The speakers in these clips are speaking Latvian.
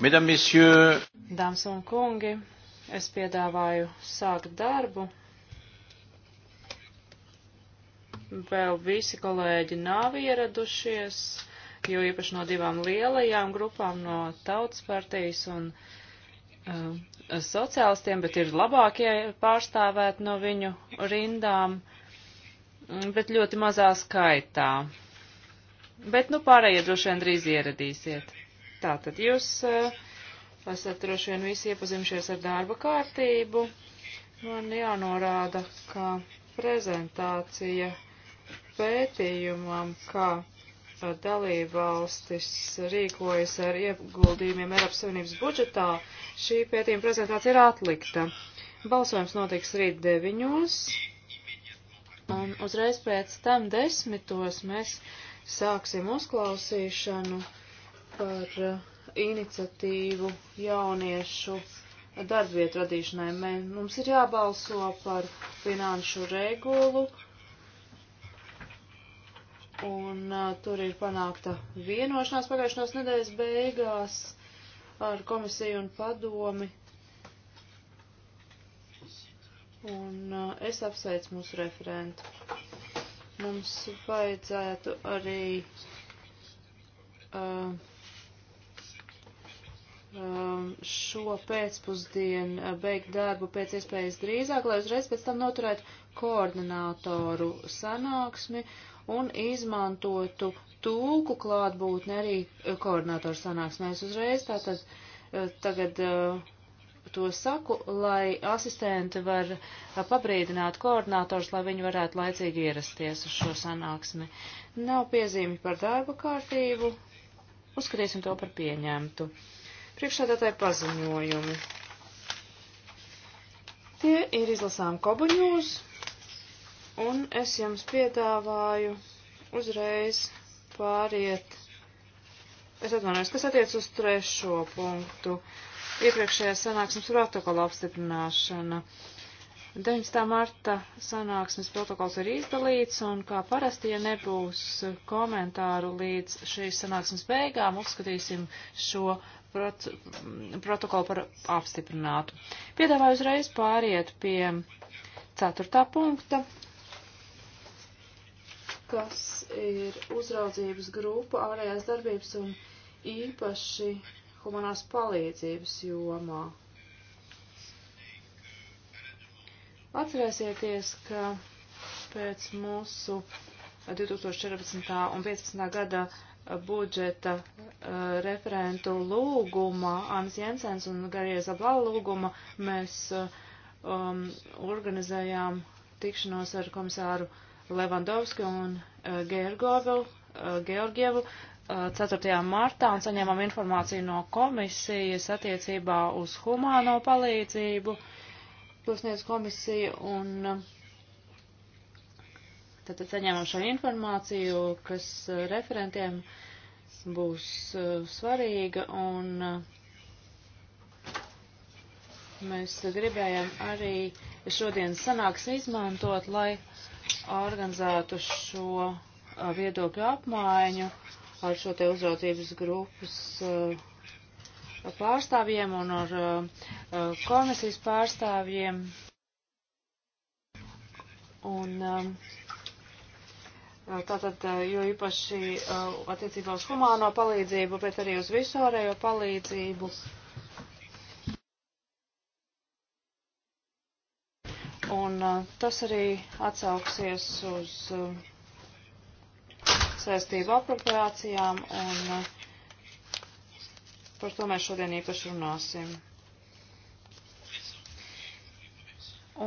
Mesdames, Messieurs, Dāmas un kungi, es piedāvāju sākt darbu. Vēl visi kolēģi nav ieradušies, jo īpaši no divām lielajām grupām, no Tautas partijas un uh, sociālistiem, bet ir labākie pārstāvēt no viņu rindām, bet ļoti mazā skaitā. Bet, nu, pārējie droši vien drīz ieradīsiet. Tātad jūs eh, esat droši vien visi iepazinušies ar darba kārtību. Man jānorāda, ka prezentācija pētījumam, kā eh, dalībvalstis rīkojas ar ieguldījumiem Eiropas Savienības budžetā, šī pētījuma prezentācija ir atlikta. Balsojums notiks rīt deviņos, un uzreiz pēc tam desmitos mēs sāksim uzklausīšanu par eh, iniciatīvu jauniešu darbvietu radīšanai. Mē, mums ir jābalso par finanšu regulu, un uh, tur ir panākta vienošanās pagājušās nedēļas beigās ar komisiju un padomi. Un uh, es apsveicu mūsu referentu. Mums vajadzētu arī uh, Um, šo pēcpusdienu uh, beigt darbu pēc iespējas drīzāk, lai uzreiz pēc tam noturētu koordinātoru sanāksmi un izmantotu tulku klātbūtni arī uh, koordinātoru sanāksmēs uzreiz. Tātad uh, tagad to saku, lai asistenti var pabrīdināt koordinātors, lai viņi varētu laicīgi ierasties uz šo sanāksmi. Nav piezīmi par darba kārtību. Uzskatīsim to par pieņemtu. Priekšsēdētāji paziņojumi. Tie ir izlasām kobuņūs, un es jums piedāvāju uzreiz pāriet. Es atvainojos, kas attiec uz trešo punktu. Iepriekšējā sanāksmes protokola apstiprināšana. 19. marta sanāksmes protokols ir izdalīts, un kā parasti, ja nebūs komentāru līdz šīs sanāksmes beigām, uzskatīsim šo proc, protokolu par apstiprinātu. Piedāvāju uzreiz pāriet pie ceturtā punkta, kas ir uzraudzības grupa ārējās darbības un īpaši humanās palīdzības jomā. Atcerēsieties, ka pēc mūsu 2014. un 2015. gada uh, budžeta uh, referentu lūguma, Ans Jensens un Garija Zabala lūguma, mēs uh, um, organizējām tikšanos ar komisāru Levandovski un uh, Georgovu, uh, Georgievu uh, 4. martā un saņēmām informāciju no komisijas attiecībā uz humāno palīdzību, ko sniedz komisija un uh, Tad saņēmām šo informāciju, kas eh, referentiem būs eh, svarīga, un eh, mēs gribējām arī šodienas sanāks izmantot, lai organizētu šo viedokļu apmaiņu ar šo te uzraudzības grupas pārstāvjiem un ar komisijas pārstāvjiem. Un um, Tātad, eh, jo īpaši eh, attiecībā uz humāno palīdzību, bet arī uz visārējo palīdzību. Un eh, tas arī atsauksies uz saistību apropriācijām, un par to mēs šodien īpaši runāsim.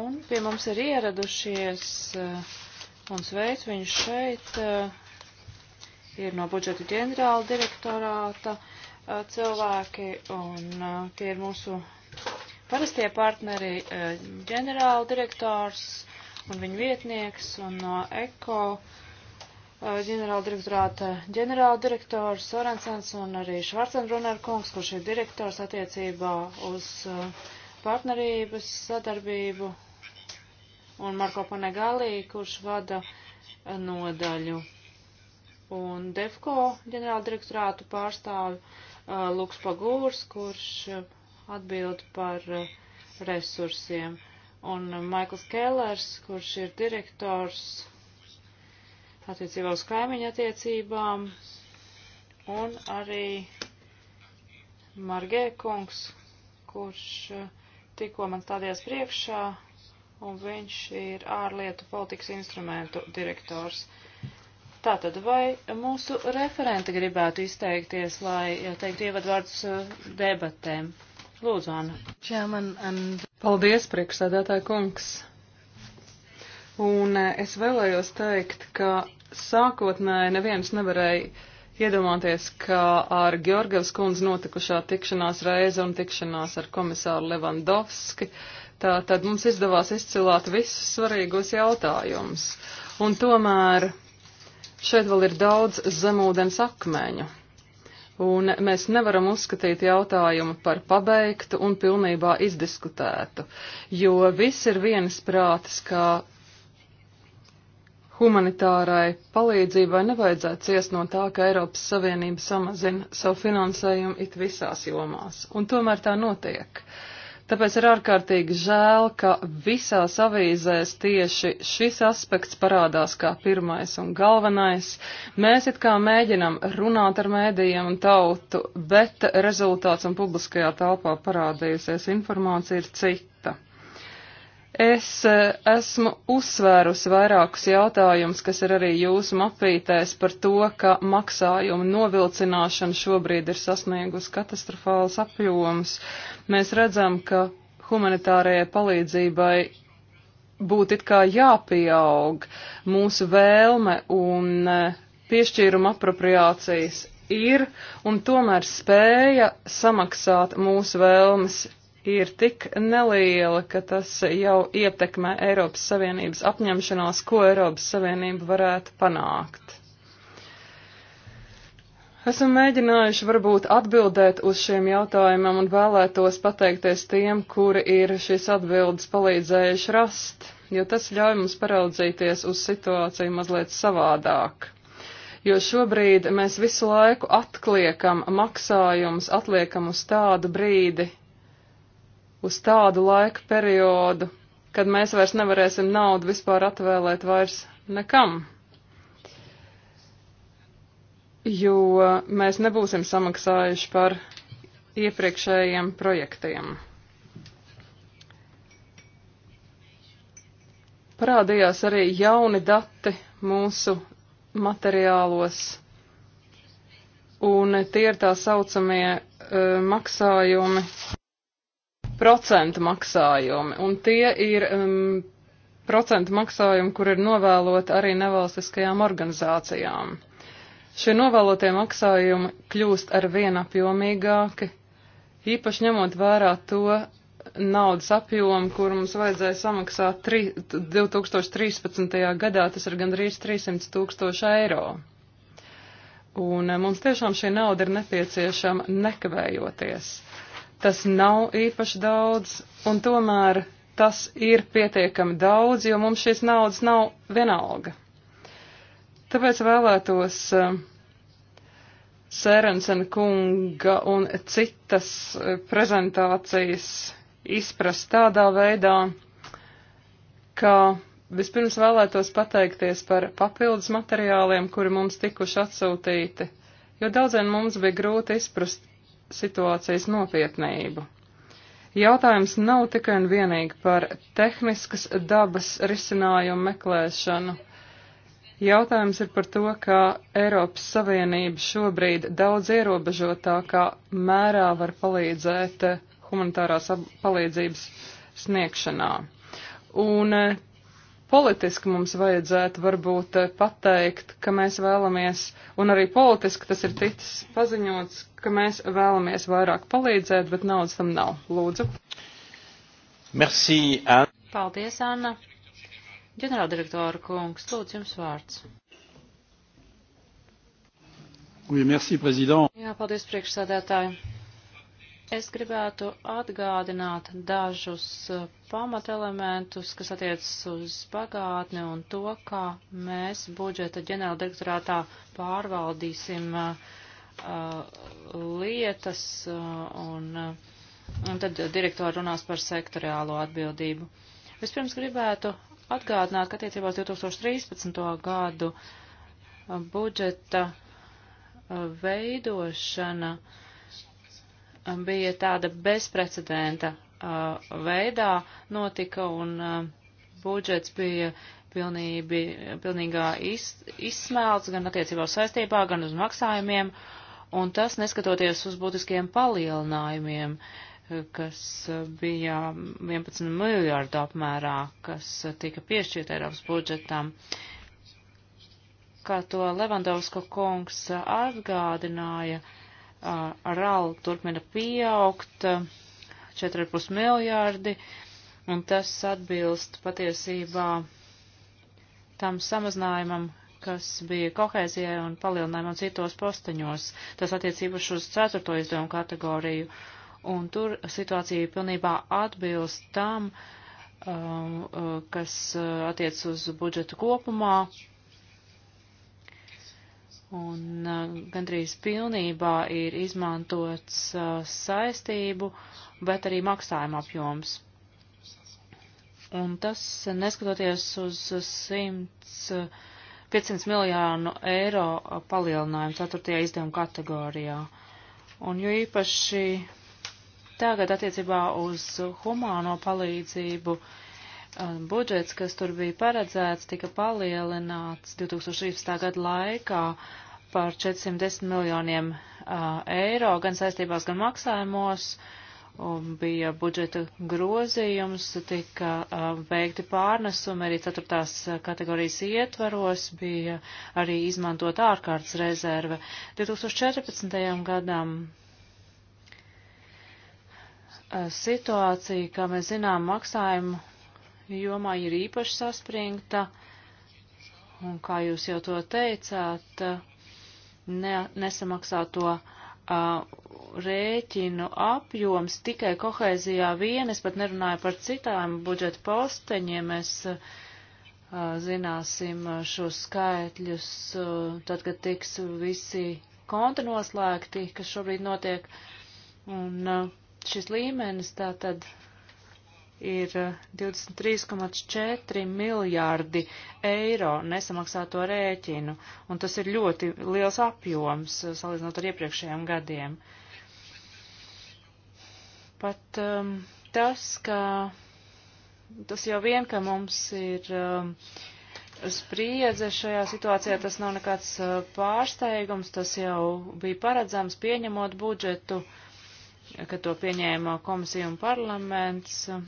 Un pie mums ir ieradušies uh, un sveic viņu šeit. Eh, ir no budžeta ģenerāla direktorāta eh, cilvēki, un eh, tie ir mūsu parastie partneri, ģenerāla direktors un viņa vietnieks, un no ECO ģenerāla direktorāta ģenerāla direktors Sorensens un arī Švarcenbrunner kungs, kurš ir direktors attiecībā uz partnerības sadarbību un Marko Panegalī, kurš vada eh, nodaļu. Un DEFCO ģenerāldirektorātu pārstāvi uh, Luks Pagūrs, kurš uh, atbild par uh, resursiem. Un Maikls Kellers, kurš ir direktors attiecībā uz kaimiņu attiecībām. Un arī Margē kungs, kurš tikko man stādījās priekšā, un viņš ir ārlietu politikas instrumentu direktors. Tātad, vai mūsu referenti gribētu izteikties, lai teiktu ievadvārdus uh, debatēm? Lūdzu, Anna. Čēman, and... Paldies, priekšsēdētāji kungs. Un eh, es vēlējos teikt, ka sākotnēji neviens nevarēja iedomāties, ka ar Georgievs kundzi notikušā tikšanās reize un tikšanās ar komisāru Levandovski uh, Tā tad mums izdevās izcilāt visus svarīgos jautājumus. Un tomēr šeit vēl ir daudz zemūdens akmeņu. Un mēs nevaram uzskatīt jautājumu par pabeigtu un pilnībā izdiskutētu, jo viss ir vienas prātas, ka humanitārai palīdzībai nevajadzētu ciest no tā, ka Eiropas Savienība samazina savu finansējumu it visās jomās. Un tomēr tā notiek. Uh, Tāpēc ir ārkārtīgi žēl, ka visās avīzēs tieši šis aspekts parādās kā pirmais un galvenais. Mēs it kā mēģinam runāt ar mēdījiem un tautu, bet rezultāts un publiskajā telpā parādījusies informācija ir cita. Es eh, esmu uzsvērusi vairākus jautājumus, kas ir arī jūsu mapītēs par to, ka maksājumu novilcināšana šobrīd ir sasniegusi katastrofāls apjoms. Mēs redzam, ka humanitārajai palīdzībai būtu it kā jāpieaug mūsu vēlme un eh, piešķīruma apropriācijas ir, un tomēr spēja samaksāt mūsu vēlmes ir tik neliela, ka tas jau ietekmē Eiropas Savienības apņemšanos, ko Eiropas Savienība varētu panākt. Esam mēģinājuši varbūt atbildēt uz šiem jautājumiem un vēlētos pateikties tiem, kuri ir šīs atbildes palīdzējuši rast, jo tas ļauj mums paraudzīties uz situāciju mazliet savādāk. Jo šobrīd mēs visu laiku atliekam maksājumus, atliekam uz tādu brīdi, uz tādu laika periodu, kad mēs vairs nevarēsim naudu vispār atvēlēt vairs nekam. Jo mēs nebūsim samaksājuši par iepriekšējiem projektiem. Parādījās arī jauni dati mūsu materiālos, un tie ir tā saucamie uh, maksājumi procentu maksājumi, un tie ir um, procentu maksājumi, kur ir novēloti arī nevalstiskajām organizācijām. Šie novēlotie maksājumi kļūst ar vien apjomīgāki, īpaši ņemot vērā to naudas apjomu, kur mums vajadzēja samaksāt tri, 2013. gadā, tas ir gandrīz 300 tūkstoši eiro. Un eh, mums tiešām šī nauda ir nepieciešama nekavējoties. Tas nav īpaši daudz, un tomēr tas ir pietiekami daudz, jo mums šīs naudas nav vienalga. Tāpēc vēlētos uh, eh, Sērensen kunga un citas eh, prezentācijas izprast tādā veidā, ka vispirms vēlētos pateikties par papildus materiāliem, kuri mums tikuši atsūtīti, jo daudziem mums bija grūti izprast, situācijas nopietnību. Jautājums nav tikai un vienīgi par tehniskas dabas risinājumu meklēšanu. Jautājums ir par to, kā Eiropas Savienība šobrīd daudz ierobežotākā mērā var palīdzēt humanitārās palīdzības sniegšanā. Un politiski mums vajadzētu varbūt eh, pateikt, ka mēs vēlamies, un arī politiski tas ir ticis paziņots, ka mēs vēlamies vairāk palīdzēt, bet naudas tam nav. Lūdzu. Merci, Anna. Paldies, Anna. Ģenerāldirektora kungs, lūdzu jums vārds. Oui, merci, prezident. Jā, paldies, priekšsādētāji. Es gribētu atgādināt dažus uh, pamatelementus, kas attiecas uz pagātni un to, kā mēs budžeta ģenerāla direktorātā pārvaldīsim uh, uh lietas uh, un, un tad direktori runās par sektoriālo atbildību. Vispirms gribētu atgādināt, ka attiecībā uz 2013. gadu budžeta veidošana uh, bija tāda bezprecedenta uh, veidā notika un uh, budžets bija pilnībi, pilnīgā iz, izsmelts gan attiecībā uz saistībā, gan uz maksājumiem, un tas neskatoties uz būtiskiem palielinājumiem, uh, kas uh, bija 11 miljārdu apmērā, kas uh, tika piešķirta Eiropas budžetam. Kā to Levandovska kungs atgādināja, uh, RAL turpina pieaugt 4,5 miljārdi, un tas atbilst patiesībā tam samazinājumam, kas bija kohēzijai un palielinājumam citos posteņos. Tas attiecībuši uz ceturto izdevumu kategoriju, un tur situācija pilnībā atbilst tam, um, uh, kas uh, attiec uz budžetu kopumā, un uh, gandrīz pilnībā ir izmantots uh, saistību, bet arī maksājuma apjoms. Un tas, neskatoties uz 100, 500 miljānu eiro palielinājumu 4. izdevuma kategorijā. Un jo īpaši tagad attiecībā uz humāno palīdzību, um, budžets, kas tur bija paredzēts, tika palielināts 2016. gada laikā par 410 miljoniem uh, eiro, gan saistībās, gan maksājumos. Un bija budžeta grozījums, tika uh, veikti pārnesumi arī ceturtās kategorijas ietvaros, bija arī izmantot ārkārtas rezerve. 2014. gadam uh, situācija, kā mēs zinām, maksājumu jomā ir īpaši saspringta, un kā jūs jau to teicāt, uh, ne, nesamaksāto uh, rēķinu apjoms tikai kohēzijā vien, es pat nerunāju par citām budžeta posteņiem, mēs uh, zināsim šos skaitļus, uh, tad, kad tiks visi konti noslēgti, kas šobrīd notiek, un uh, šis līmenis tātad ir 23,4 eh, miljārdi eiro nesamaksāto rēķinu, un tas ir ļoti liels apjoms eh, salīdzinot ar iepriekšējiem gadiem. Pat um, tas, ka tas jau vien, ka mums ir um, spriedze šajā situācijā, tas nav nekāds uh, pārsteigums, tas jau bija paredzams pieņemot budžetu, kad to pieņēma komisija un parlaments. Uh,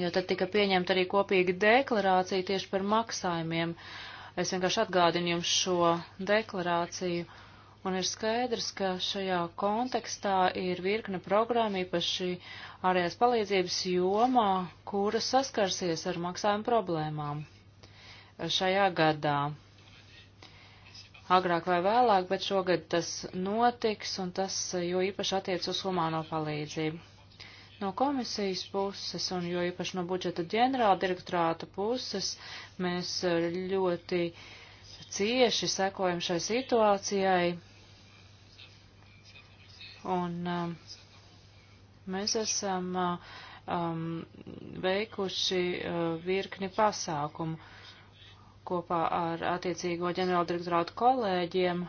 jo tad tika pieņemta arī kopīga deklarācija tieši par maksājumiem. Es vienkārši atgādinu jums šo deklarāciju. Un ir skaidrs, ka šajā kontekstā ir virkne programma, īpaši ārējās palīdzības jomā, kura saskarsies ar maksājumu problēmām šajā gadā. Agrāk vai vēlāk, bet šogad tas notiks, un tas jo īpaši attiec uz humāno palīdzību. No komisijas puses un jo īpaši no budžeta ģenerāla direktorāta puses mēs eh, ļoti cieši sekojam šai situācijai un um, mēs esam uh, um, veikuši uh, virkni pasākumu kopā ar attiecīgo ģenerāla direktorātu kolēģiem.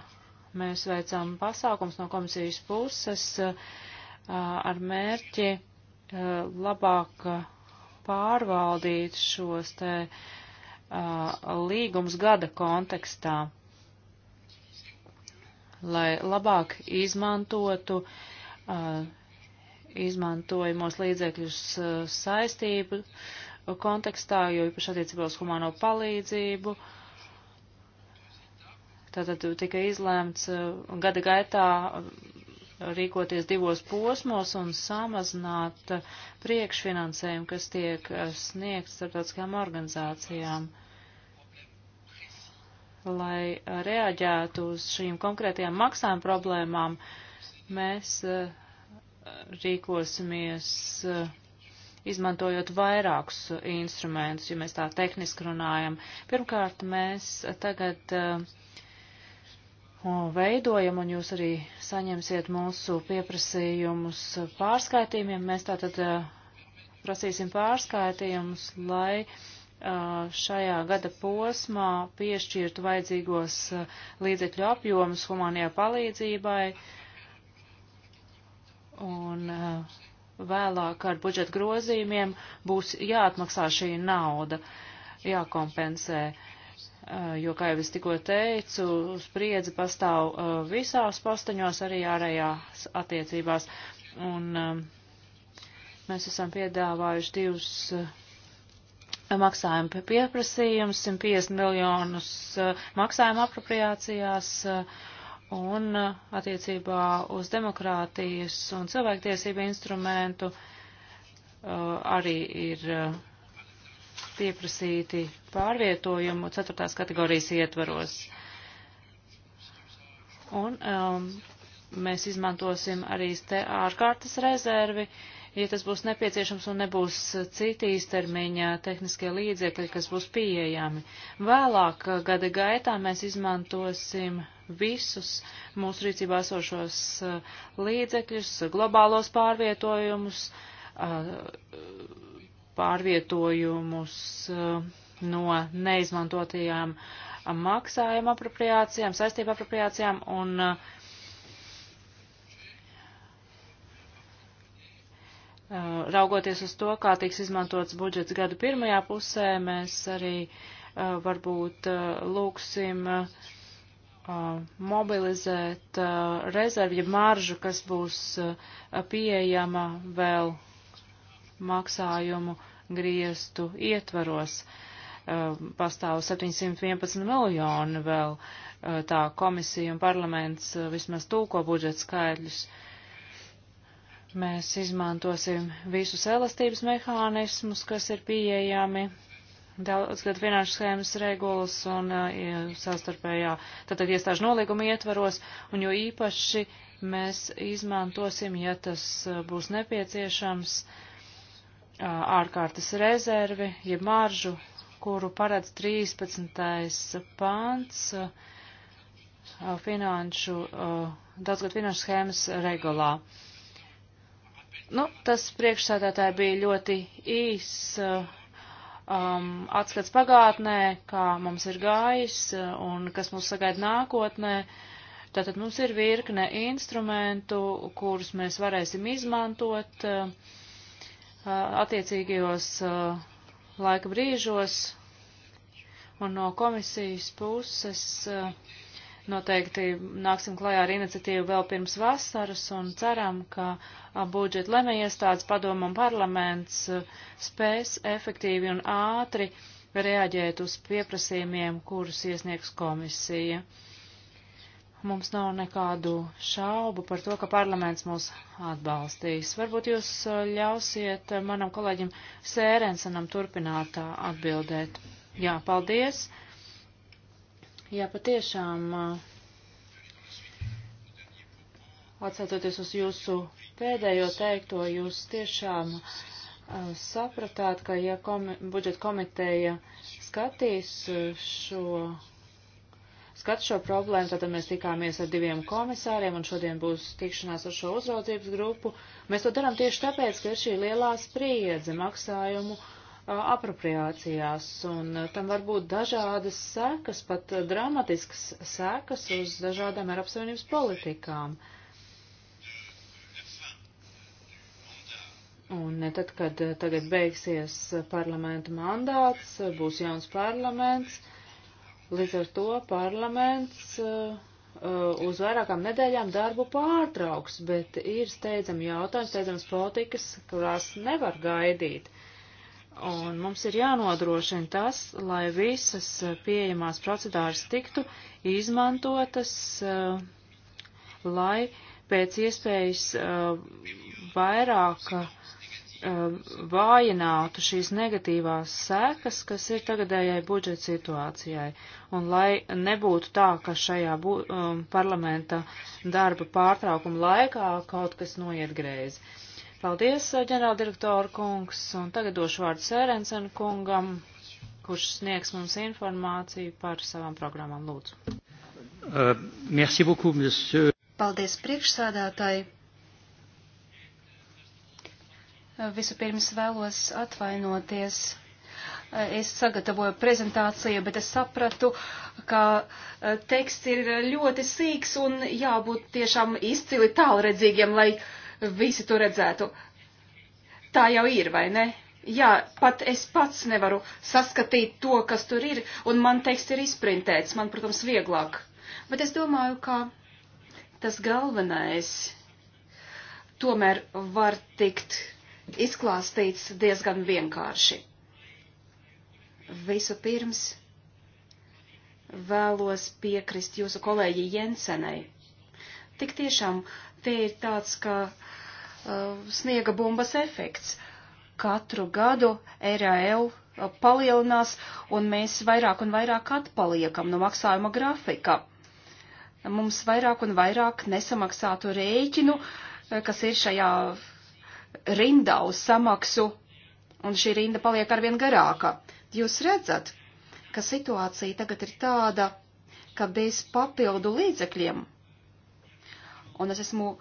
Mēs veicam pasākums no komisijas puses uh, ar mērķi Eh, labāk eh, pārvaldīt šos te eh, līgums gada kontekstā, lai labāk izmantotu izmantojamos līdzekļus saistību kontekstā, jo īpaši attiecībā uz humāno palīdzību. Tātad tika izlēmts gada gaitā rīkoties divos posmos un samazināt priekšfinansējumu, kas tiek eh, sniegts starptautiskām organizācijām, lai eh, reaģētu uz šīm konkrētajām maksājuma problēmām. Mēs eh, rīkosimies izmantojot vairākus instrumentus, ja mēs tā tehniski runājam. Pirmkārt, mēs tagad uh, veidojam, un jūs arī saņemsiet mūsu pieprasījumus pārskaitījumiem. Mēs tātad prasīsim pārskaitījumus, lai šajā gada posmā piešķirtu vajadzīgos līdzekļu apjomus humanajā palīdzībai un vēlāk ar budžeta grozījumiem būs jāatmaksā šī nauda, jākompensē. Uh, Eh, jo, kā jau es tikko teicu, spriedze pastāv eh, visās postaņos, arī ārējās attiecībās. Un eh, mēs esam piedāvājuši divus maksājumu pieprasījumus, 150 miljonus maksājumu apropriācijās un attiecībā uz demokrātijas un cilvēktiesību instrumentu arī ir pieprasīti pārvietojumu ceturtās kategorijas ietvaros. Un um, mēs izmantosim arī ārkārtas rezervi, ja tas būs nepieciešams un nebūs citi īstermiņā tehniskie līdzekļi, kas būs pieejami. Vēlāk uh, gada gaitā mēs izmantosim visus mūsu rīcībā esošos uh, līdzekļus, globālos pārvietojumus, uh, pārvietojumus eh, no neizmantotajām maksājuma apropriācijām, saistību apropriācijām un eh, raugoties uz to, kā tiks izmantots budžets gadu pirmajā pusē, mēs arī eh, varbūt lūksim mobilizēt rezervju maržu, kas būs pieejama vēl maksājumu griestu ietvaros. Uh, pastāv 711 miljoni vēl uh, tā komisija un parlaments uh, vismaz tūko budžeta skaidļus. Mēs izmantosim visus elastības mehānismus, kas ir pieejami daudzgad finanšu schēmas regulas un uh, savstarpējā tātad iestāžu nolīguma ietvaros, un jo īpaši mēs izmantosim, ja tas uh, būs nepieciešams, uh, ārkārtas rezervi, jeb ja maržu, kuru paredz 13. pāns finanšu, daudzgad finanšu schēmas regulā. Nu, tas priekšsādātāji bija ļoti īs um, atskats pagātnē, kā mums ir gājis un kas mūs sagaida nākotnē. Tātad mums ir virkne instrumentu, kurus mēs varēsim izmantot. Uh, Eh, attiecīgajos eh, laika brīžos un no komisijas puses eh, noteikti nāksim klajā ar iniciatīvu vēl pirms vasaras un ceram, ka budžeta lemējiestādes padomu un parlaments spēs efektīvi un ātri reaģēt uz pieprasījumiem, kurus iesniegs komisija. Mums nav nekādu šaubu par to, ka parlaments mūs atbalstīs. Varbūt jūs uh, ļausiet uh, manam kolēģim Sērensenam turpināt uh, atbildēt. Jā, paldies. Jā, patiešām, atsaucoties uz jūsu pēdējo teikto, jūs tiešām sapratāt, ka ja komi budžeta komiteja skatīs šo skatu šo problēmu, tātad mēs tikāmies ar diviem komisāriem, un šodien būs tikšanās ar šo uzraudzības grupu. Mēs to darām tieši tāpēc, ka ir šī lielā spriedze maksājumu apropriācijās, un tam var būt dažādas sekas, pat dramatiskas sekas uz dažādām Eiropas Savienības politikām. Un tad, kad tagad beigsies parlamenta mandāts, būs jauns parlaments, uh, Līdz ar to parlaments uh, uh, uz vairākām nedēļām darbu pārtrauks, bet ir steidzami jautājumi, steidzams politikas, kurās nevar gaidīt. Un mums ir jānodrošina tas, lai visas pieejamās procedūras tiktu izmantotas, uh, lai pēc iespējas uh, vairāk uh, Uh, vājinātu šīs negatīvās sēkas, kas ir tagadējai budžeta situācijai, un lai nebūtu tā, ka šajā bu, um, parlamenta darba pārtraukuma laikā kaut kas noiet greizi. Paldies, uh, ģenerāldirektora kungs, un tagad došu vārdu Sērensen kungam, kurš sniegs mums informāciju par savām programmām. Lūdzu. Uh, merci beaucoup, monsieur. Paldies priekšsādātāji. Vispirms vēlos atvainoties. Es sagatavoju prezentāciju, bet es sapratu, ka e, teksts ir ļoti sīks un jābūt tiešām izcili tālredzīgiem, lai visi to redzētu. Tā jau ir, vai ne? Jā, pat es pats nevaru saskatīt to, kas tur ir, un man teksts ir izprintēts, man, protams, vieglāk. Bet es domāju, ka tas galvenais tomēr var tikt izklāstīts diezgan vienkārši. Visu pirms vēlos piekrist jūsu kolēģi Jensenai. Tik tiešām tie ir tāds kā uh, sniega bumbas efekts. Katru gadu RAL uh, palielinās un mēs vairāk un vairāk atpaliekam no maksājuma grafika. Mums vairāk un vairāk nesamaksātu rēķinu, uh, kas ir šajā rindā uz samaksu, un šī rinda paliek arvien garāka. Jūs redzat, ka situācija tagad ir tāda, ka bez papildu līdzekļiem, un es esmu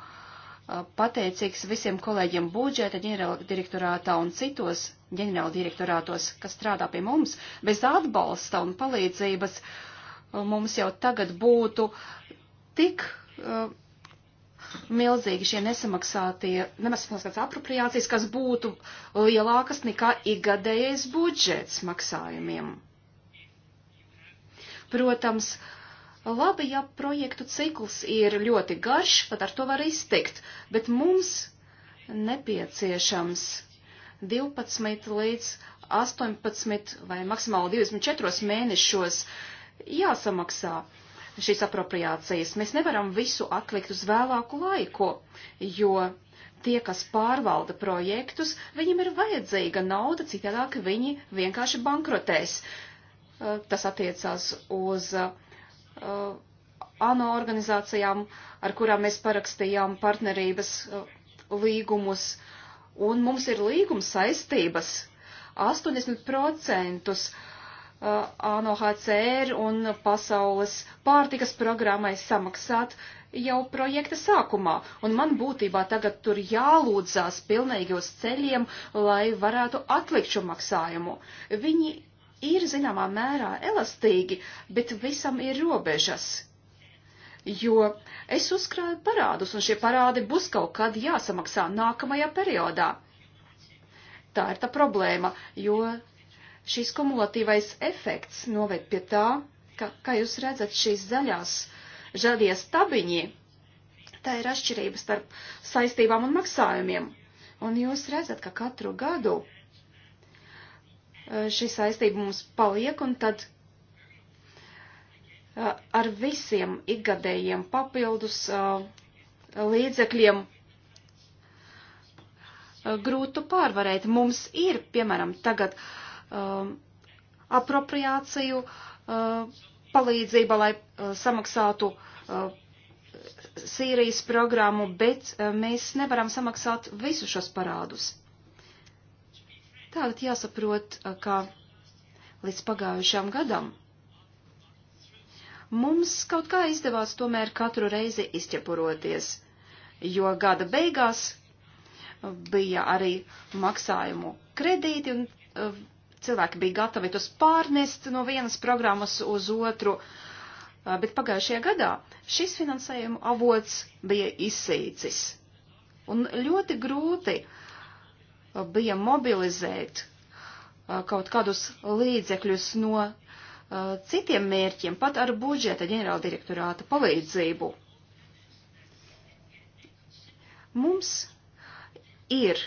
pateicīgs visiem kolēģiem budžeta ģenerāla direktorātā un citos ģenerāla direktorātos, kas strādā pie mums, bez atbalsta un palīdzības mums jau tagad būtu tik uh, milzīgi šie nesamaksātie, nesamaksātās apropriācijas, kas būtu lielākas nekā igadējais budžets maksājumiem. Protams, labi, ja projektu cikls ir ļoti garš, tad ar to var iztikt, bet mums nepieciešams 12 līdz 18 vai maksimāli 24 mēnešos jāsamaksā šīs apropriācijas. Mēs nevaram visu atlikt uz vēlāku laiku, jo tie, kas pārvalda projektus, viņiem ir vajadzīga nauda, citādāk viņi vienkārši bankrotēs. Uh, tas attiecās uz uh, ANO organizācijām, ar kurām mēs parakstījām partnerības uh, līgumus, un mums ir līguma saistības 80% Uh, ANOHCR un pasaules pārtikas programmai samaksāt jau projekta sākumā, un man būtībā tagad tur jālūdzās pilnīgi uz ceļiem, lai varētu atlikt šo maksājumu. Viņi ir zināmā mērā elastīgi, bet visam ir robežas. Jo es uzkrāju parādus, un šie parādi būs kaut kad jāsamaksā nākamajā periodā. Tā ir tā problēma, jo Šīs kumulatīvais efekts noved pie tā, ka, kā jūs redzat, šīs zaļās žadie stabiņi, tā ir atšķirība starp saistībām un maksājumiem. Un jūs redzat, ka katru gadu eh, šī saistība mums paliek, un tad eh, ar visiem ikgadējiem papildus eh, līdzekļiem grūtu pārvarēt. Mums ir, piemēram, tagad uh, um, apropriāciju, uh, palīdzība, lai uh, samaksātu uh, Sīrijas programmu, bet uh, mēs nevaram samaksāt visu šos parādus. Tagad jāsaprot, uh, ka līdz pagājušajam gadam mums kaut kā izdevās tomēr katru reizi izķepuroties, jo gada beigās bija arī maksājumu kredīti un uh, cilvēki bija gatavi tos pārnest no vienas programmas uz otru, uh, bet pagājušajā gadā šis finansējuma avots bija izsīcis. Un ļoti grūti uh, bija mobilizēt uh, kaut kādus līdzekļus no citiem mērķiem, pat ar budžeta ģenerāldirektorāta palīdzību. Mums ir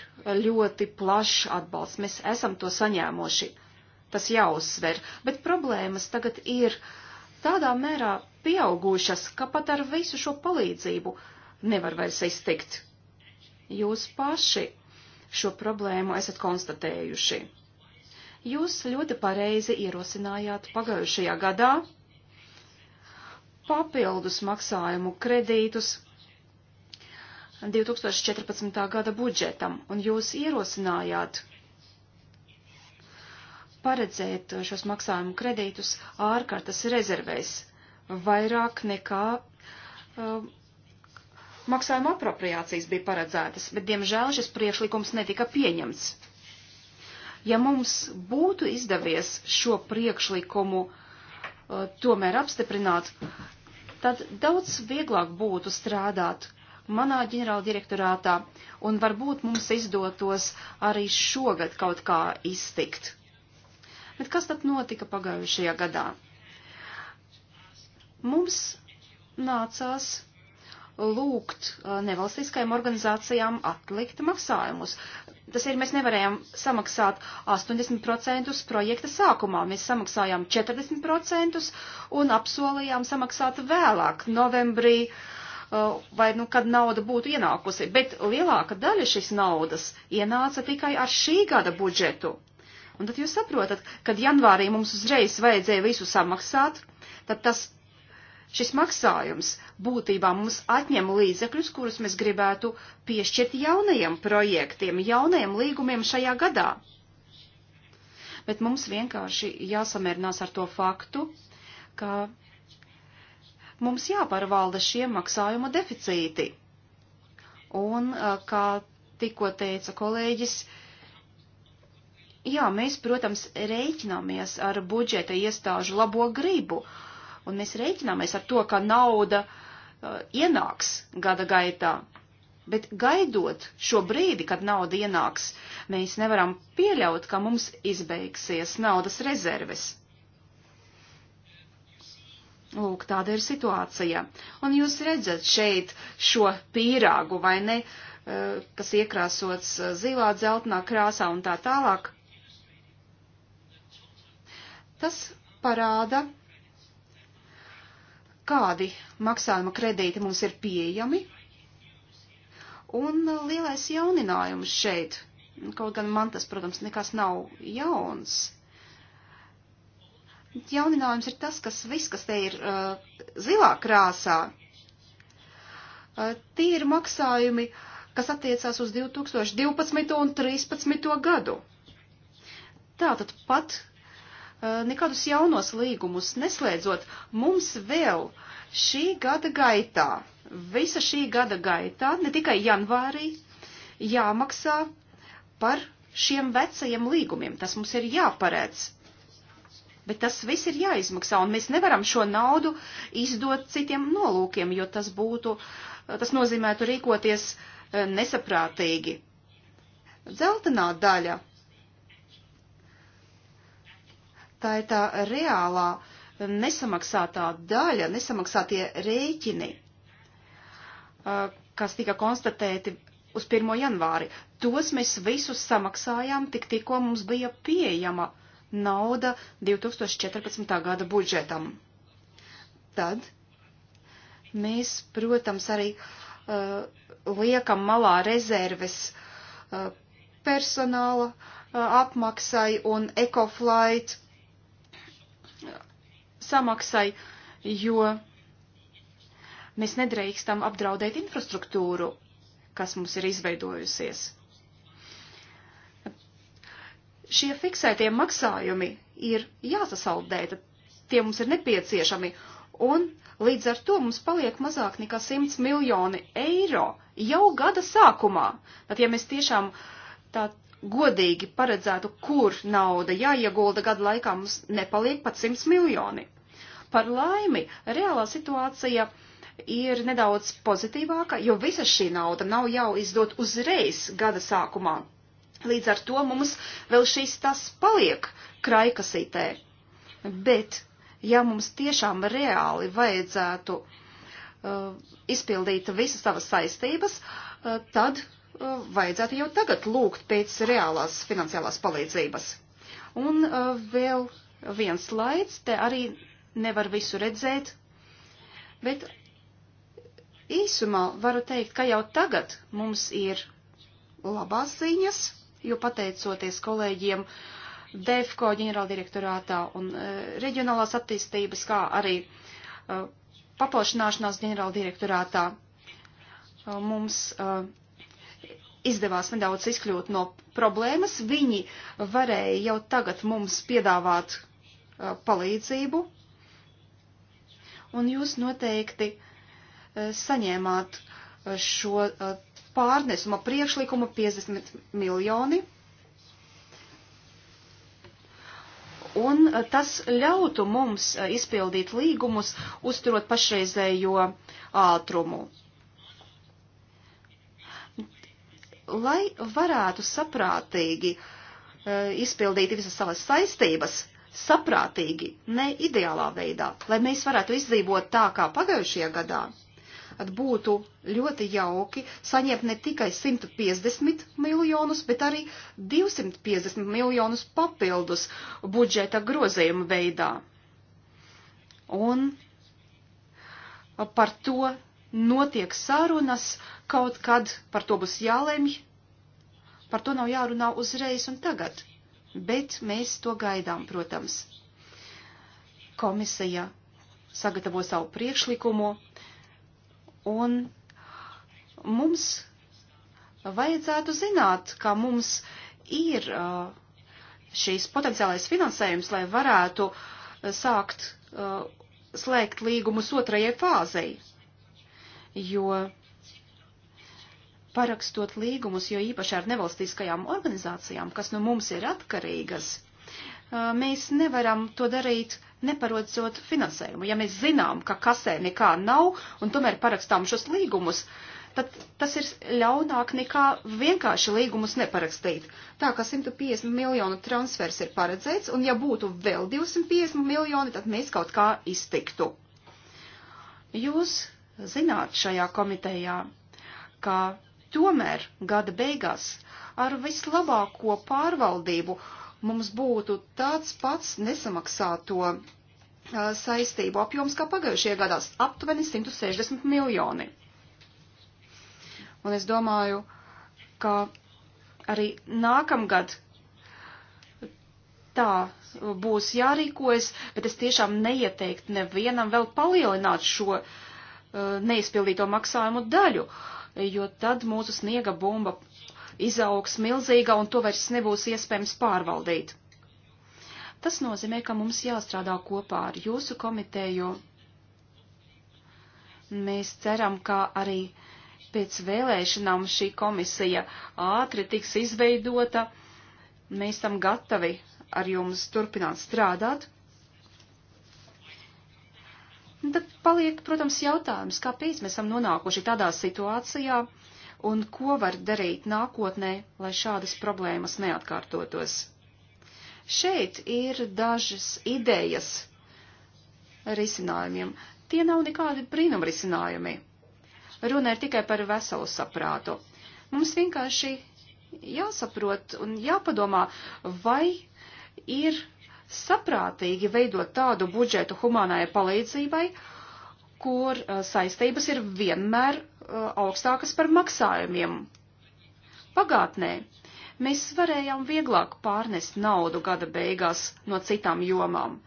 ļoti plašs atbalsts. Mēs esam to saņēmoši. Tas jāuzsver. Bet problēmas tagad ir tādā mērā pieaugušas, ka pat ar visu šo palīdzību nevar vairs iztikt. Jūs paši šo problēmu esat konstatējuši. Jūs ļoti pareizi ierosinājāt pagājušajā gadā papildus maksājumu kredītus 2014. gada budžetam, un jūs ierosinājāt paredzēt šos maksājumu kredītus ārkārtas rezervēs vairāk nekā um, maksājuma apropriācijas bija paredzētas, bet diemžēl šis priekšlikums netika pieņemts. Ja mums būtu izdevies šo priekšlikumu uh, tomēr apstiprināt, tad daudz vieglāk būtu strādāt uh, manā ģenerāldirektorātā, un varbūt mums izdotos arī šogad kaut kā iztikt. Bet kas tad notika pagājušajā gadā? Mums nācās lūgt uh, nevalstiskajām organizācijām atlikt maksājumus. Tas ir, mēs nevarējām samaksāt 80% projekta sākumā, mēs samaksājām 40% un apsolījām samaksāt vēlāk, novembrī, uh, Uh, vai nu kad nauda būtu ienākusi, bet lielāka daļa šīs naudas ienāca tikai ar šī gada budžetu. Un tad jūs saprotat, kad janvārī mums uzreiz vajadzēja visu samaksāt, tad tas, šis maksājums būtībā mums atņem līdzekļus, kurus mēs gribētu piešķirt jaunajiem projektiem, jaunajiem līgumiem šajā gadā. Bet mums vienkārši jāsamierinās ar to faktu, ka Mums jāpārvalda šie maksājumu deficīti. Un, kā tikko teica kolēģis, jā, mēs, protams, rēķināmies ar budžeta iestāžu labo gribu, un mēs rēķināmies ar to, ka nauda uh, ienāks gada gaitā. Bet gaidot šo brīdi, kad nauda ienāks, mēs nevaram pieļaut, ka mums izbeigsies naudas rezerves. Lūk, tāda ir situācija. Un jūs redzat šeit šo pīrāgu, vai ne, eh, kas iekrāsots eh, zilā, dzeltenā krāsā un tā tālāk. Tas parāda, kādi maksājuma kredīti mums ir pieejami. Un lielais jauninājums šeit, kaut gan man tas, protams, nekas nav jauns jauninājums ir tas, kas viss, kas te ir uh, zilā krāsā, uh, tie ir maksājumi, kas attiecās uz 2012. un 2013. gadu. Tātad pat uh, nekādus jaunos līgumus neslēdzot, mums vēl šī gada gaitā, visa šī gada gaitā, ne tikai janvārī, jāmaksā par šiem vecajiem līgumiem. Tas mums ir jāparēc Bet tas viss ir jāizmaksā, un mēs nevaram šo naudu izdot citiem nolūkiem, jo tas būtu, tas nozīmētu rīkoties e, nesaprātīgi. Zeltenā daļa. Tā ir tā reālā e, nesamaksātā daļa, nesamaksātie rēķini, e, kas tika konstatēti uz 1. janvāri. Tos mēs visus samaksājām, tik tikko mums bija pieejama uh, nauda 2014. gada budžetam. Tad mēs, protams, arī uh, liekam malā rezerves uh, personāla uh, apmaksai un ekoflight uh, samaksai, jo mēs nedrīkstam apdraudēt infrastruktūru, kas mums ir izveidojusies šie fiksētie maksājumi ir jāsasaldē, tad tie mums ir nepieciešami, un līdz ar to mums paliek mazāk nekā 100 miljoni eiro jau gada sākumā. Tad, ja mēs tiešām tā godīgi paredzētu, kur nauda jāiegulda gada laikā, mums nepaliek pat 100 miljoni. Par laimi, reālā situācija ir nedaudz pozitīvāka, jo visa šī nauda nav jau izdot uzreiz gada sākumā. Līdz ar to mums vēl šis tas paliek kraikasītē. Bet, ja mums tiešām reāli vajadzētu uh, izpildīt visas savas saistības, uh, tad uh, vajadzētu jau tagad lūgt pēc reālās finansiālās palīdzības. Un uh, vēl viens slaids, te arī nevar visu redzēt, bet īsumā varu teikt, ka jau tagad mums ir labās ziņas jo pateicoties kolēģiem DEFCO ģenerāldirektorātā un e, reģionālās attīstības, kā arī e, paplašanāšanās ģenerāldirektorātā, e, mums izdevās nedaudz izkļūt no problēmas. Viņi varēja jau tagad mums piedāvāt palīdzību, un jūs noteikti saņēmāt šo pārnesuma priekšlikuma 50 miljoni. Un eh, tas ļautu mums eh, izpildīt līgumus, uzturot pašreizējo eh, ātrumu. Lai varētu saprātīgi izpildīt visas savas saistības, saprātīgi, ne ideālā veidā, lai mēs varētu izdzīvot tā kā pagājušajā gadā Tad būtu ļoti jauki saņemt ne tikai 150 miljonus, bet arī 250 miljonus papildus budžeta grozījuma veidā. Un par to notiek sarunas, kaut kad par to būs jālemj, par to nav jārunā uzreiz un tagad, bet mēs to gaidām, protams. Komisija sagatavo savu priekšlikumu, Un mums vajadzētu zināt, ka mums ir uh, šīs potenciālais finansējums, lai varētu uh, sākt uh, slēgt līgumus otrajai fāzei. Jo parakstot līgumus, jo īpaši ar nevalstiskajām organizācijām, kas no nu mums ir atkarīgas, mēs nevaram to darīt neparedzot finansējumu. Ja mēs zinām, ka kasē nekā nav un tomēr parakstām šos līgumus, tad tas ir ļaunāk nekā vienkārši līgumus neparakstīt. Tā kā 150 miljonu transfers ir paredzēts, un ja būtu vēl 250 miljoni, tad mēs kaut kā iztiktu. Jūs zināt šajā komitejā, ka tomēr gada beigās ar vislabāko pārvaldību uh, mums būtu tāds pats nesamaksāto uh, saistību apjoms kā pagājušajā gadās - aptuveni 160 miljoni. Un es domāju, ka arī nākamgad tā būs jārīkojas, bet es tiešām neieteiktu nevienam vēl palielināt šo uh, neizpildīto maksājumu daļu, jo tad mūsu sniega bumba izaugs milzīga un to vairs nebūs iespējams pārvaldīt. Tas nozīmē, ka mums jāstrādā kopā ar jūsu komiteju. Mēs ceram, ka arī pēc vēlēšanām šī komisija ātri tiks izveidota. Mēs tam gatavi ar jums turpināt strādāt. Tad paliek, protams, jautājums, kāpēc mēs esam nonākuši tādā situācijā, un ko var darīt nākotnē, lai šādas problēmas neatkārtotos. Šeit ir dažas idejas risinājumiem. Tie nav nekādi brīnumrisinājumi. Runa ir tikai par veselu saprātu. Mums vienkārši jāsaprot un jāpadomā, vai ir saprātīgi veidot tādu budžetu humānai palīdzībai, kur eh, saistības ir vienmēr Uh, augstākas par maksājumiem. Pagātnē mēs varējām vieglāk pārnest naudu gada beigās no citām jomām,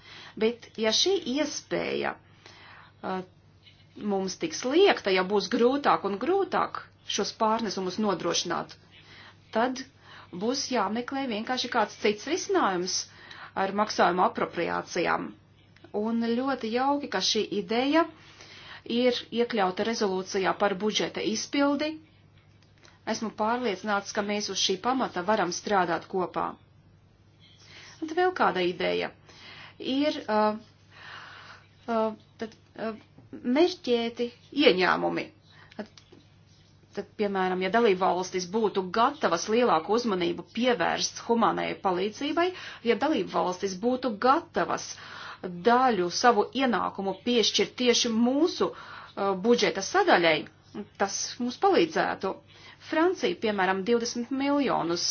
bet ja šī iespēja uh, mums tiks liekta, ja būs grūtāk un grūtāk šos pārnesumus nodrošināt, tad būs jāmeklē vienkārši kāds cits risinājums ar maksājumu apropriācijām. Un ļoti jauki, ka šī ideja uh, ir iekļauta rezolūcijā par budžeta izpildi. Esmu pārliecināts, ka mēs uz šī pamata varam strādāt kopā. Un vēl kāda ideja. Ir uh, uh, tad, uh, mērķēti ieņēmumi. Tad, piemēram, ja dalībvalstis būtu gatavas lielāku uzmanību pievērst humanai palīdzībai, ja dalībvalstis būtu gatavas uh, daļu savu ienākumu piešķirt tieši mūsu uh, budžeta sadaļai, tas mums palīdzētu. Francija, piemēram, 20 miljonus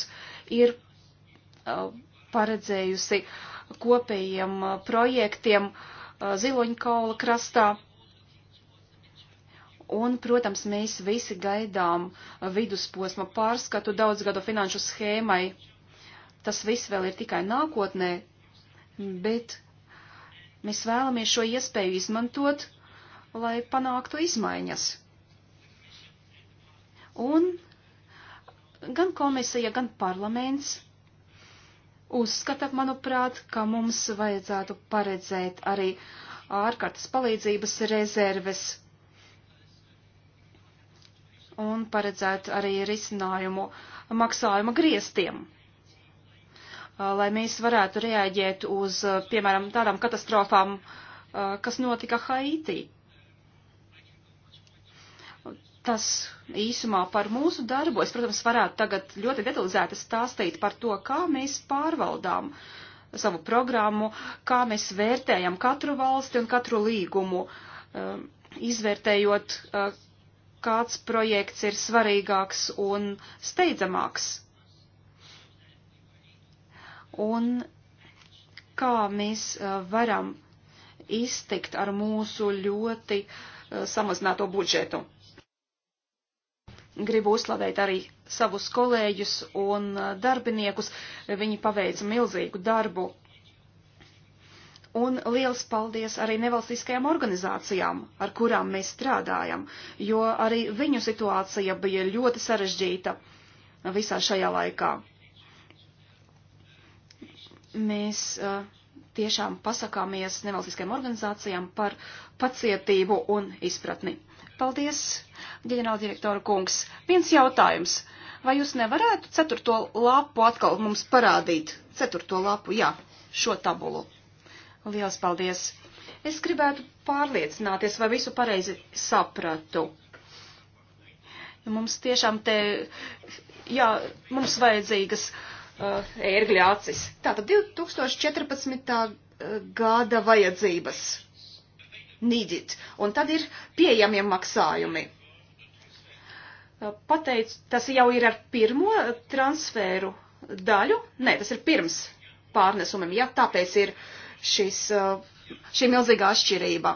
ir uh, paredzējusi kopējiem uh, projektiem uh, Ziloņkaula krastā. Un, protams, mēs visi gaidām uh, vidusposma pārskatu daudzgadu finanšu schēmai. Tas viss vēl ir tikai nākotnē, bet Mēs vēlamies šo iespēju izmantot, lai panāktu izmaiņas. Un gan komisija, gan parlaments uzskata, manuprāt, ka mums vajadzētu paredzēt arī ārkārtas palīdzības rezerves un paredzēt arī risinājumu maksājuma griestiem. Uh, lai mēs varētu reaģēt uz, uh, piemēram, tādām katastrofām, uh, kas notika Haitī. Tas īsumā par mūsu darbu. Es, protams, varētu tagad ļoti detalizēti stāstīt par to, kā mēs pārvaldām savu programmu, kā mēs vērtējam katru valsti un katru līgumu, um, izvērtējot, kāds projekts ir svarīgāks un steidzamāks un kā mēs varam iztikt ar mūsu ļoti samazināto budžetu. Gribu uzslavēt arī savus kolēģus un darbiniekus. Viņi paveica milzīgu darbu. Un liels paldies arī nevalstiskajām organizācijām, ar kurām mēs strādājam, jo arī viņu situācija bija ļoti sarežģīta visā šajā laikā. Mēs uh, tiešām pasakāmies nevalstiskajām organizācijām par pacietību un izpratni. Paldies, ģenerāldirektora kungs. Viens jautājums. Vai jūs nevarētu ceturto lapu atkal mums parādīt? Ceturto lapu, jā, šo tabulu. Lielas paldies. Es gribētu pārliecināties, vai visu pareizi sapratu. Mums tiešām te, jā, mums vajadzīgas uh, uh, ērgļa acis. Tātad 2014. Uh, gada vajadzības nīdīt, un tad ir pieejamie maksājumi. Uh, pateic, tas jau ir ar pirmo transferu daļu, nē, tas ir pirms pārnesumiem, ja tāpēc ir šis, uh, šī milzīgā atšķirība,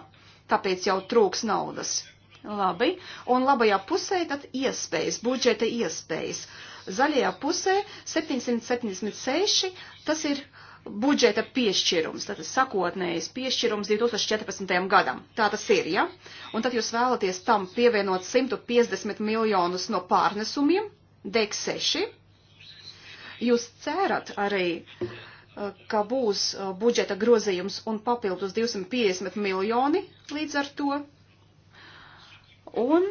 tāpēc jau trūks naudas. Labi, un labajā pusē tad iespējas, budžeta iespējas. Uh, zaļajā pusē 776, tas ir budžeta piešķirums, tātad sakotnējs piešķirums 2014. gadam. Tā tas ir, ja? Un tad jūs vēlaties tam pievienot 150 miljonus no pārnesumiem, DEC 6. Jūs cerat arī, eh, ka būs eh, budžeta grozījums un papildus 250 miljoni līdz ar to. Un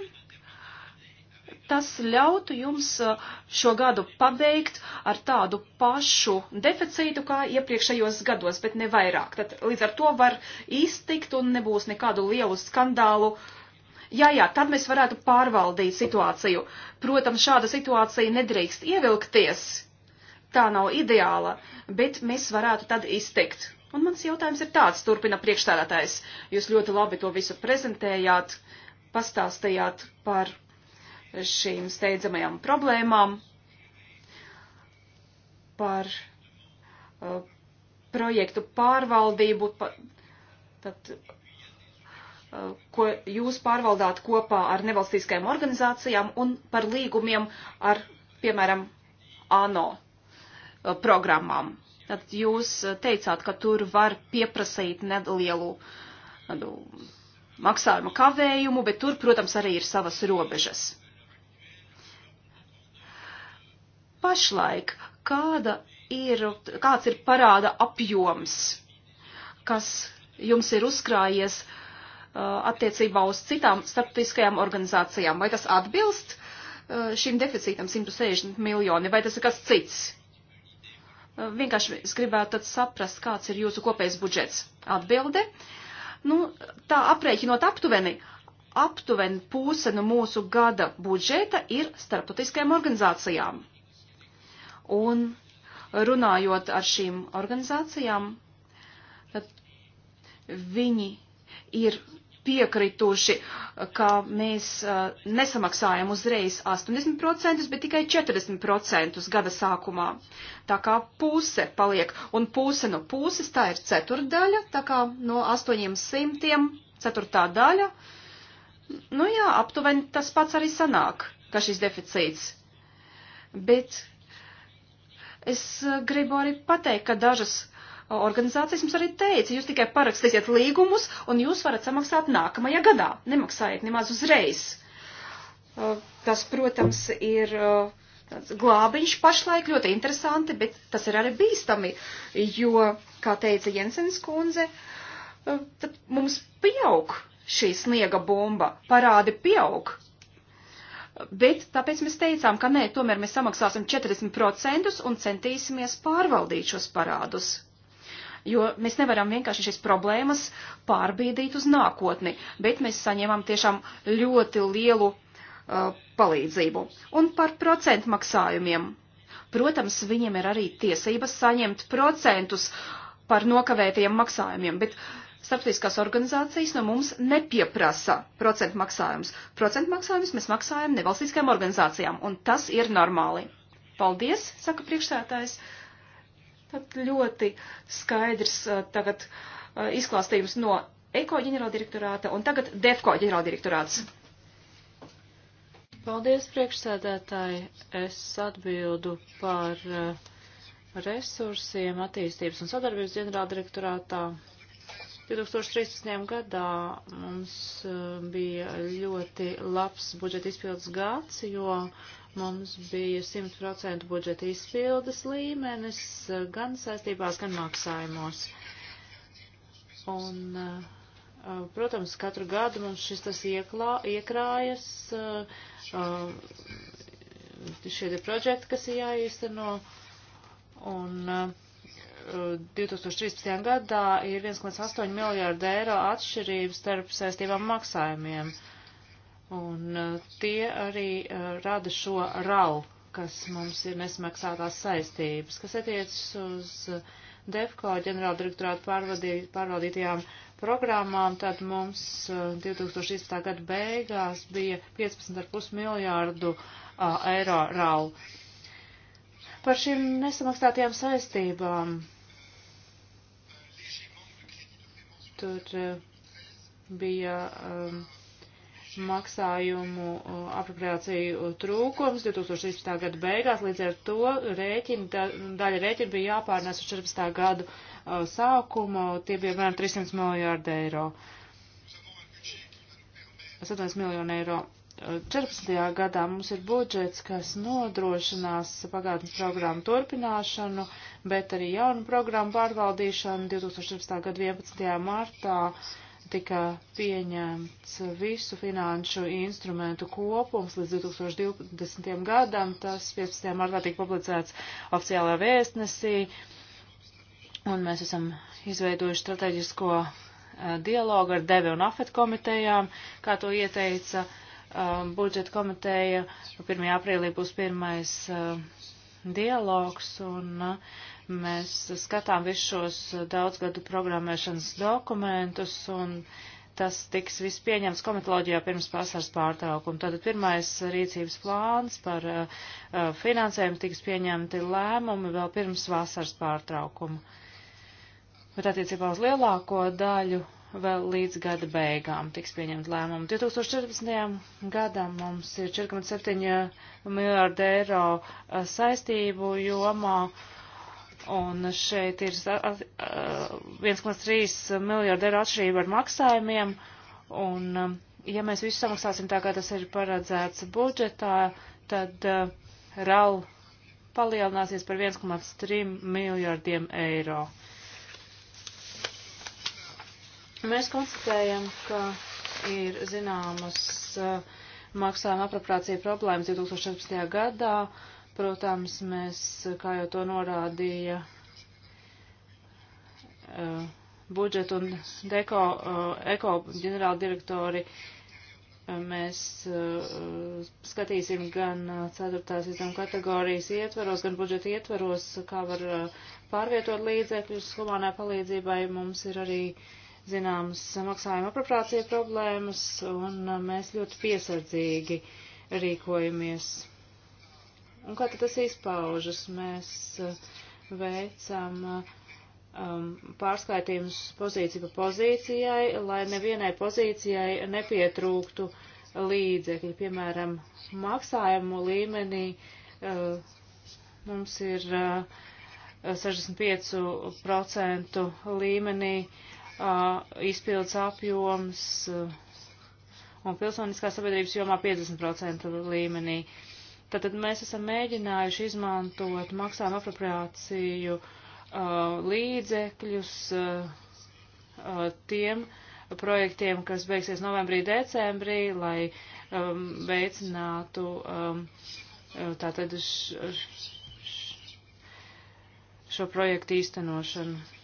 tas ļautu jums eh, šo gadu pabeigt ar tādu pašu deficītu kā iepriekšējos gados, bet ne vairāk. Tad līdz ar to var iztikt un nebūs nekādu lielu skandālu. Jā, jā, tad mēs varētu pārvaldīt situāciju. Protams, šāda situācija nedrīkst ievilkties. Tā nav ideāla, bet mēs varētu tad iztikt. Un mans jautājums ir tāds, turpina priekšstādātājs. Jūs ļoti labi to visu prezentējāt, pastāstījāt par šīm steidzamajām problēmām, par uh, projektu pārvaldību, pa, tad, uh, ko jūs pārvaldāt kopā ar nevalstiskajām organizācijām un par līgumiem ar, piemēram, ANO uh, programmām. Tad jūs uh, teicāt, ka tur var pieprasīt nelielu tādu, uh, nu, maksājuma kavējumu, bet tur, protams, arī ir savas robežas. pašlaik, kāda ir, kāds ir parāda apjoms, kas jums ir uzkrājies uh, attiecībā uz citām starptautiskajām organizācijām? Vai tas atbilst uh, šim deficītam 160 miljoni, vai tas ir kas cits? Uh, vienkārši es gribētu tad saprast, kāds ir jūsu kopējs budžets. Atbilde. Nu, tā aprēķinot aptuveni, aptuveni puse no mūsu gada budžeta ir starptautiskajām organizācijām. Un runājot ar šīm organizācijām, viņi ir piekrituši, ka mēs nesamaksājam uzreiz 80%, bet tikai 40% gada sākumā. Tā kā puse paliek, un puse no puses tā ir ceturdaļa, tā kā no 800 ceturtā daļa. Nu jā, aptuveni tas pats arī sanāk, ka šis deficīts. Bet Es eh, gribu arī pateikt, ka dažas eh, organizācijas mums arī teica, jūs tikai parakstīsiet līgumus un jūs varat samaksāt nākamajā gadā. Nemaksājiet nemaz uzreiz. Eh, tas, protams, ir glābiņš pašlaik ļoti interesanti, bet tas ir arī bīstami, jo, kā teica Jensens kundze, tad mums pieaug šī sniega bomba, parādi pieaug, Bet tāpēc mēs teicām, ka nē, tomēr mēs samaksāsim 40% un centīsimies pārvaldīt šos parādus. Jo mēs nevaram vienkārši šīs problēmas pārbīdīt uz nākotni, bet mēs saņēmām tiešām ļoti lielu uh, palīdzību. Un par procentu maksājumiem. Protams, viņiem ir arī tiesības saņemt procentus par nokavētajiem maksājumiem, bet uh, starptautiskās organizācijas no mums nepieprasa procentu maksājumus. Procentu maksājumus mēs maksājam nevalstiskajām organizācijām, un tas ir normāli. Paldies, saka priekšsētājs. Tad ļoti skaidrs uh, tagad uh, izklāstījums no Eko ģenerāldirektorāta un tagad Defko ģenerāldirektorāts. Paldies, priekšsēdētāji. Es atbildu par uh, resursiem attīstības un sadarbības ģenerāldirektorātā 2013. gadā mums eh, bija ļoti labs budžeta izpildes gads, jo mums bija 100% budžeta izpildes līmenis eh, gan saistībās, gan maksājumos. Un, eh, protams, katru gadu mums šis tas ieklā, iekrājas, šie ir projekti, kas ir jāīsteno. Un, uh, 2013. Uh, gadā ir 1,8 miljārda eiro atšķirības starp saistībām maksājumiem. Un uh, tie arī uh, rada šo RAL, kas mums ir nesmaksātās saistības, kas attiecas uz DEFCO ģenerāla direktorāta pārvaldītajām programmām, tad mums 2016. gada beigās bija 15,5 miljārdu eiro raulu. Par šīm nesamaksātajām saistībām Tur eh, bija um, maksājumu eh, apropriāciju trūkums 2016. gada beigās, līdz ar to rēķini, da, daļa rēķina bija jāpārnēs uz 14. gadu uh, sākumu, tie bija apmēram 300 miljārdi eiro. 7 miljonu eiro. 14. gadā mums ir budžets, kas nodrošinās pagātnes programmu turpināšanu. Uh, bet arī jaunu programmu pārvaldīšanu 2014. gada 11. martā tika pieņemts visu finanšu instrumentu kopums līdz 2020. gadam. Tas 15. martā tika publicēts oficiālā vēstnesī, un mēs esam izveidojuši strateģisko uh, dialogu ar Deve un Afet komitejām, kā to ieteica uh, budžeta komiteja. 1. aprīlī būs pirmais uh, dialogs, un uh, Mēs skatām visus šos daudzgadu programmēšanas dokumentus un tas tiks viss pieņemts komitoloģijā pirms pasaules pārtraukuma. Tātad pirmais rīcības plāns par uh, uh, finansējumu tiks pieņemti lēmumi vēl pirms vasaras pārtraukuma. Bet attiecībā uz lielāko daļu vēl līdz gada beigām tiks pieņemt lēmumu. 2014. gadam mums ir 4,7 miljārdi eiro uh, saistību jomā. Uh, Un šeit ir 1,3 miljārdu eiro atšķirība ar maksājumiem. Un, um, ja mēs visu samaksāsim tā, kā tas ir paredzēts budžetā, tad uh, RAL palielināsies par 1,3 miljārdiem eiro. Mēs konstatējam, ka ir zināmas uh, maksājuma apropriācija problēmas 2014. gadā Protams, mēs, kā jau to norādīja, eh, budžetu un deko, eh, eko ģenerāla direktori, eh, mēs skatīsim gan ceturtās izdevuma kategorijas ietvaros, gan budžeta ietvaros, kā var pārvietot līdzekļus humanai palīdzībai. Mums ir arī zināmas maksājuma apropriācija problēmas, un mēs ļoti piesardzīgi rīkojamies Un kā tad tas izpaužas? Mēs eh, veicam eh, um, pārskaitījumus pozīciju pa pozīcijai, lai nevienai pozīcijai nepietrūktu līdzekļi. Piemēram, maksājumu līmenī uh, mums ir uh, 65% līmenī uh, izpildes apjoms uh, un pilsoniskā sabiedrības jomā 50% līmenī. Uh, Tātad mēs esam mēģinājuši izmantot maksājumu apropriāciju uh, līdzekļus uh, uh, tiem projektiem, kas beigsies novembrī, decembrī, lai um, veicinātu um, uh, tātad š, š, šo projektu īstenošanu.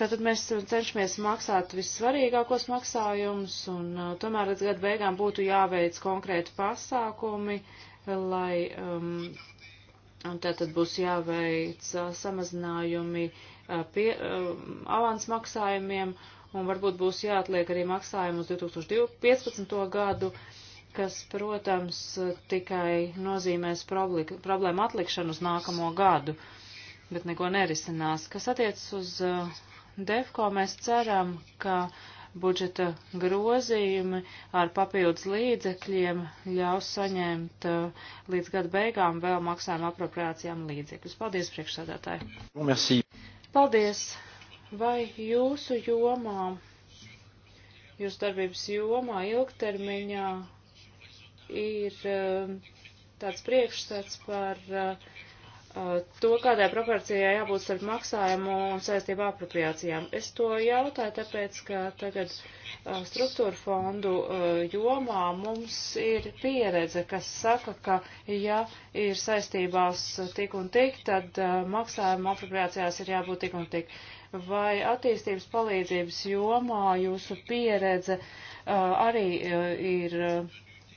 Tātad mēs cenšamies maksāt vissvarīgākos maksājumus, un uh, tomēr līdz gada beigām būtu jāveic konkrēti pasākumi, lai um, tātad būs jāveic uh, samazinājumi uh, pie, uh, avans maksājumiem, un varbūt būs jāatliek arī maksājumus 2015. gadu, kas, protams, tikai nozīmēs problēmu atlikšanu uz nākamo gadu, bet neko nerisinās. Kas attiec uz. Uh, DEFCO mēs ceram, ka budžeta grozījumi ar papildus līdzekļiem ļaus saņemt uh, līdz gada beigām vēl maksājuma apropriācijām līdzekļus. Paldies, priekšsādātāji! Merci. Paldies! Vai jūsu jomā, jūsu darbības jomā ilgtermiņā ir uh, tāds priekšstats par uh, to, kādai proporcijai jābūt starp maksājumu un saistību apropriācijām. Es to jautāju tāpēc, ka tagad struktūra fondu jomā mums ir pieredze, kas saka, ka ja ir saistībās tik un tik, tad maksājuma apropriācijās ir jābūt tik un tik. Vai attīstības palīdzības jomā jūsu pieredze arī ir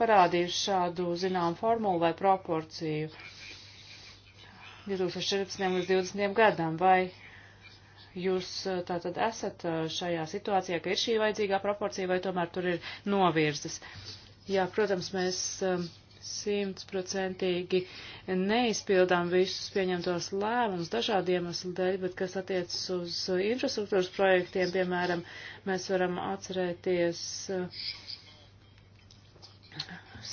parādījusi šādu zinām formulu vai proporciju? 2014. līdz 2020. gadam, vai jūs eh, tātad esat eh, šajā situācijā, ka ir šī vajadzīgā proporcija, vai tomēr tur ir novirzes? Jā, protams, mēs eh, simtprocentīgi neizpildām visus pieņemtos lēmumus dažādu iemeslu dēļ, bet kas attiecas uz infrastruktūras projektiem, piemēram, mēs varam atcerēties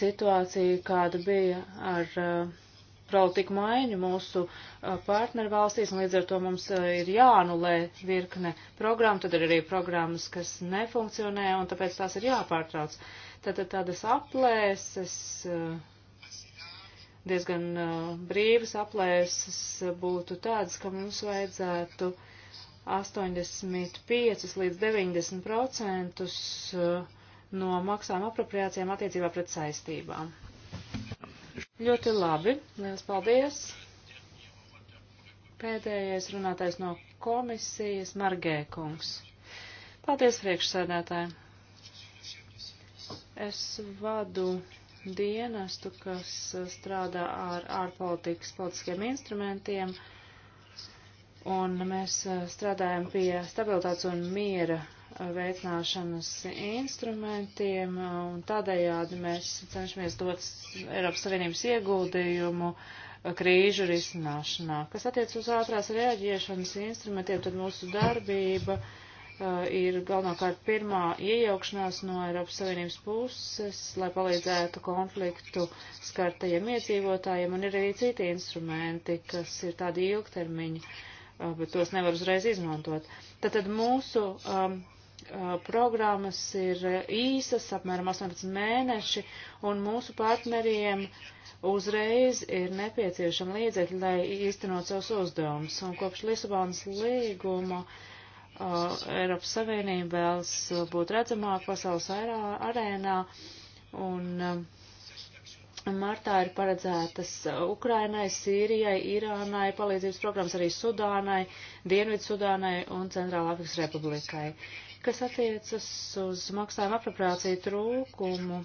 situāciju, kāda bija ar uh, politiku maiņu mūsu uh, partneru valstīs, un līdz ar to mums uh, ir jāanulē virkne programmu, tad ir arī programmas, kas nefunkcionē, un tāpēc tās ir jāpārtrauc. Tātad tādas aplēses, uh, diezgan brīvas aplēses būtu tādas, ka mums vajadzētu 85 līdz 90 procentus no maksām apropriācijām attiecībā pret saistībām. Ļoti labi, liels paldies. Pēdējais runātais no komisijas Margē kungs. Paldies, priekšsēdētāji. Es vadu dienestu, kas strādā ar ārpolitikas politiskiem instrumentiem, un mēs strādājam pie stabilitātes un miera veicināšanas instrumentiem, un tādējādi mēs cenšamies dot Eiropas Savienības ieguldījumu krīžu risināšanā. Kas attiec uz ātrās reaģiešanas instrumentiem, tad mūsu darbība uh, ir galvenokārt pirmā iejaukšanās no Eiropas Savienības puses, lai palīdzētu konfliktu skartajiem iedzīvotājiem, un ir arī citi instrumenti, kas ir tādi ilgtermiņi, uh, bet tos nevar uzreiz izmantot. Tātad mūsu um, programmas ir īsas, apmēram 18 mēneši, un mūsu partneriem uzreiz ir nepieciešama līdzekļi, lai īstenot savus uzdevumus. Un kopš Lisabonas līguma uh, Eiropas Savienība vēlas būt redzamāk pasaules arēnā, un uh, martā ir paredzētas Ukrainai, Sīrijai, Irānai, palīdzības programmas arī Sudānai, Dienvidu Sudānai un Centrālāfrikas Republikai. Uh, Kas attiecas uz maksājuma apropriāciju trūkumu,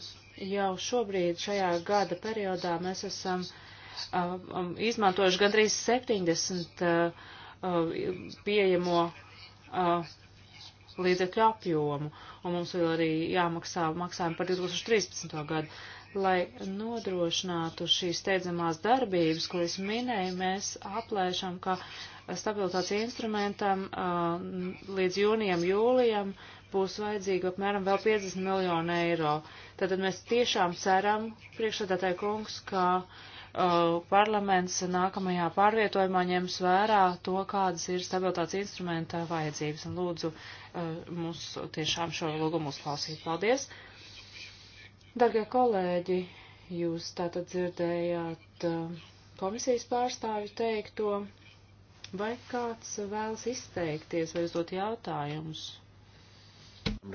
jau šobrīd šajā gada periodā mēs esam uh, um, izmantojuši gandrīz 70 uh, uh, pieejamo uh, līdzekļu apjomu, un mums vēl arī jāmaksā maksājumi par 2013. gadu. Lai nodrošinātu šīs steidzamās darbības, ko es minēju, mēs aplēšam, ka uh, stabilitātes instrumentam līdz jūnijam, jūlijam būs vajadzīga apmēram vēl 50 miljonu eiro. Tātad mēs tiešām ceram, priekšsēdētāji kungs, ka parlaments nākamajā pārvietojumā ņems vērā to, kādas ir stabilitātes instrumenta vajadzības. Un lūdzu mums tiešām šo lūgumu uzklausīt. Paldies! Dargie kolēģi, jūs tātad dzirdējāt komisijas pārstāvi teikto. Vai kāds vēlas izteikties vai uzdot jautājumus?